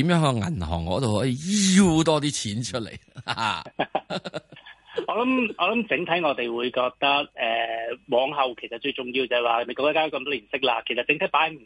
[SPEAKER 5] 點、啊、樣去銀行嗰度可以要多啲錢出嚟
[SPEAKER 8] [laughs] [laughs] ？
[SPEAKER 13] 我諗我諗整體我哋會覺得誒、呃，往後其實最重要就係、是、話美國加息咁多年息啦，其實整體擺唔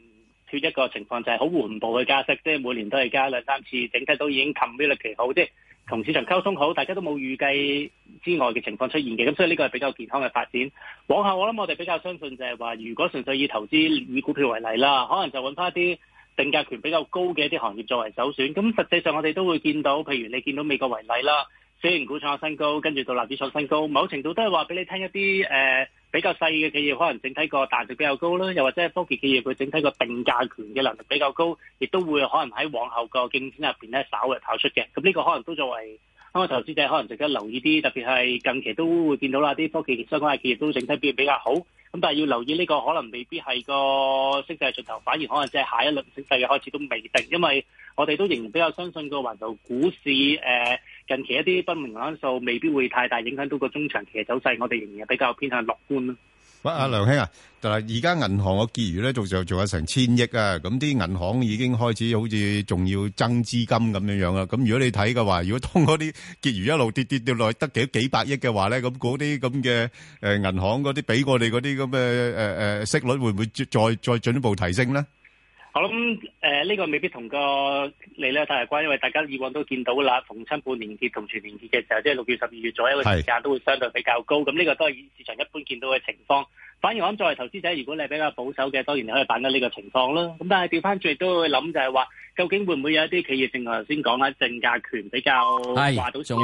[SPEAKER 13] 脱一個情況就係好緩步去加息，即係每年都係加兩三次，整體都已經 c o n n i t 期好即係同市場溝通好，大家都冇預計之外嘅情況出現嘅，咁所以呢個係比較健康嘅發展。往後我諗我哋比較相信就係話，如果純粹以投資以股票為例啦，可能就搵翻一啲定價權比較高嘅一啲行業作為首選。咁實際上我哋都會見到，譬如你見到美國為例啦，小型股創新高，跟住到納指創新高，某程度都係話俾你聽一啲誒，呃比較細嘅企業可能整體個彈性比較高啦，又或者科技企業佢整體個定價權嘅能力比較高，亦都會可能喺往後個競爭入面咧稍為跑出嘅。咁呢個可能都作為香港投資者可能值得留意啲，特別係近期都會見到啦，啲科技相關嘅企業都整體表現比較好。咁但係要留意呢個可能未必係個升勢盡頭，反而可能即係下一輪升勢嘅開始都未定，因為，我哋都仍然比較相信個話就股市誒近期一啲不明因素未必會太大影響到個中長期嘅走勢，我哋仍然比較偏向樂觀咯。
[SPEAKER 1] 喂，阿梁兄啊，嗱，而家銀行嘅結餘咧，仲就仲有成千億啊，咁啲銀行已經開始好似仲要增資金咁樣樣啦。咁如果你睇嘅話，如果通嗰啲結餘一路跌跌跌落得幾幾百億嘅話咧，咁嗰啲咁嘅誒銀行嗰啲俾我哋嗰啲咁嘅誒誒息率會唔會再再再進一步提升咧？
[SPEAKER 13] 我諗誒呢個未必同個利率太有關，因為大家以往都見到啦，逢親半年結同全年結嘅時候，即係六月、十二月左右嘅時間都會相對比較高。咁呢是個都係市場一般見到嘅情況。反而我諗作為投資者，如果你比較保守嘅，當然你可以把握呢個情況啦。咁但係調翻轉都會諗就係話，究竟會唔會有一啲企業正如頭先講啦，淨價權比較話到上。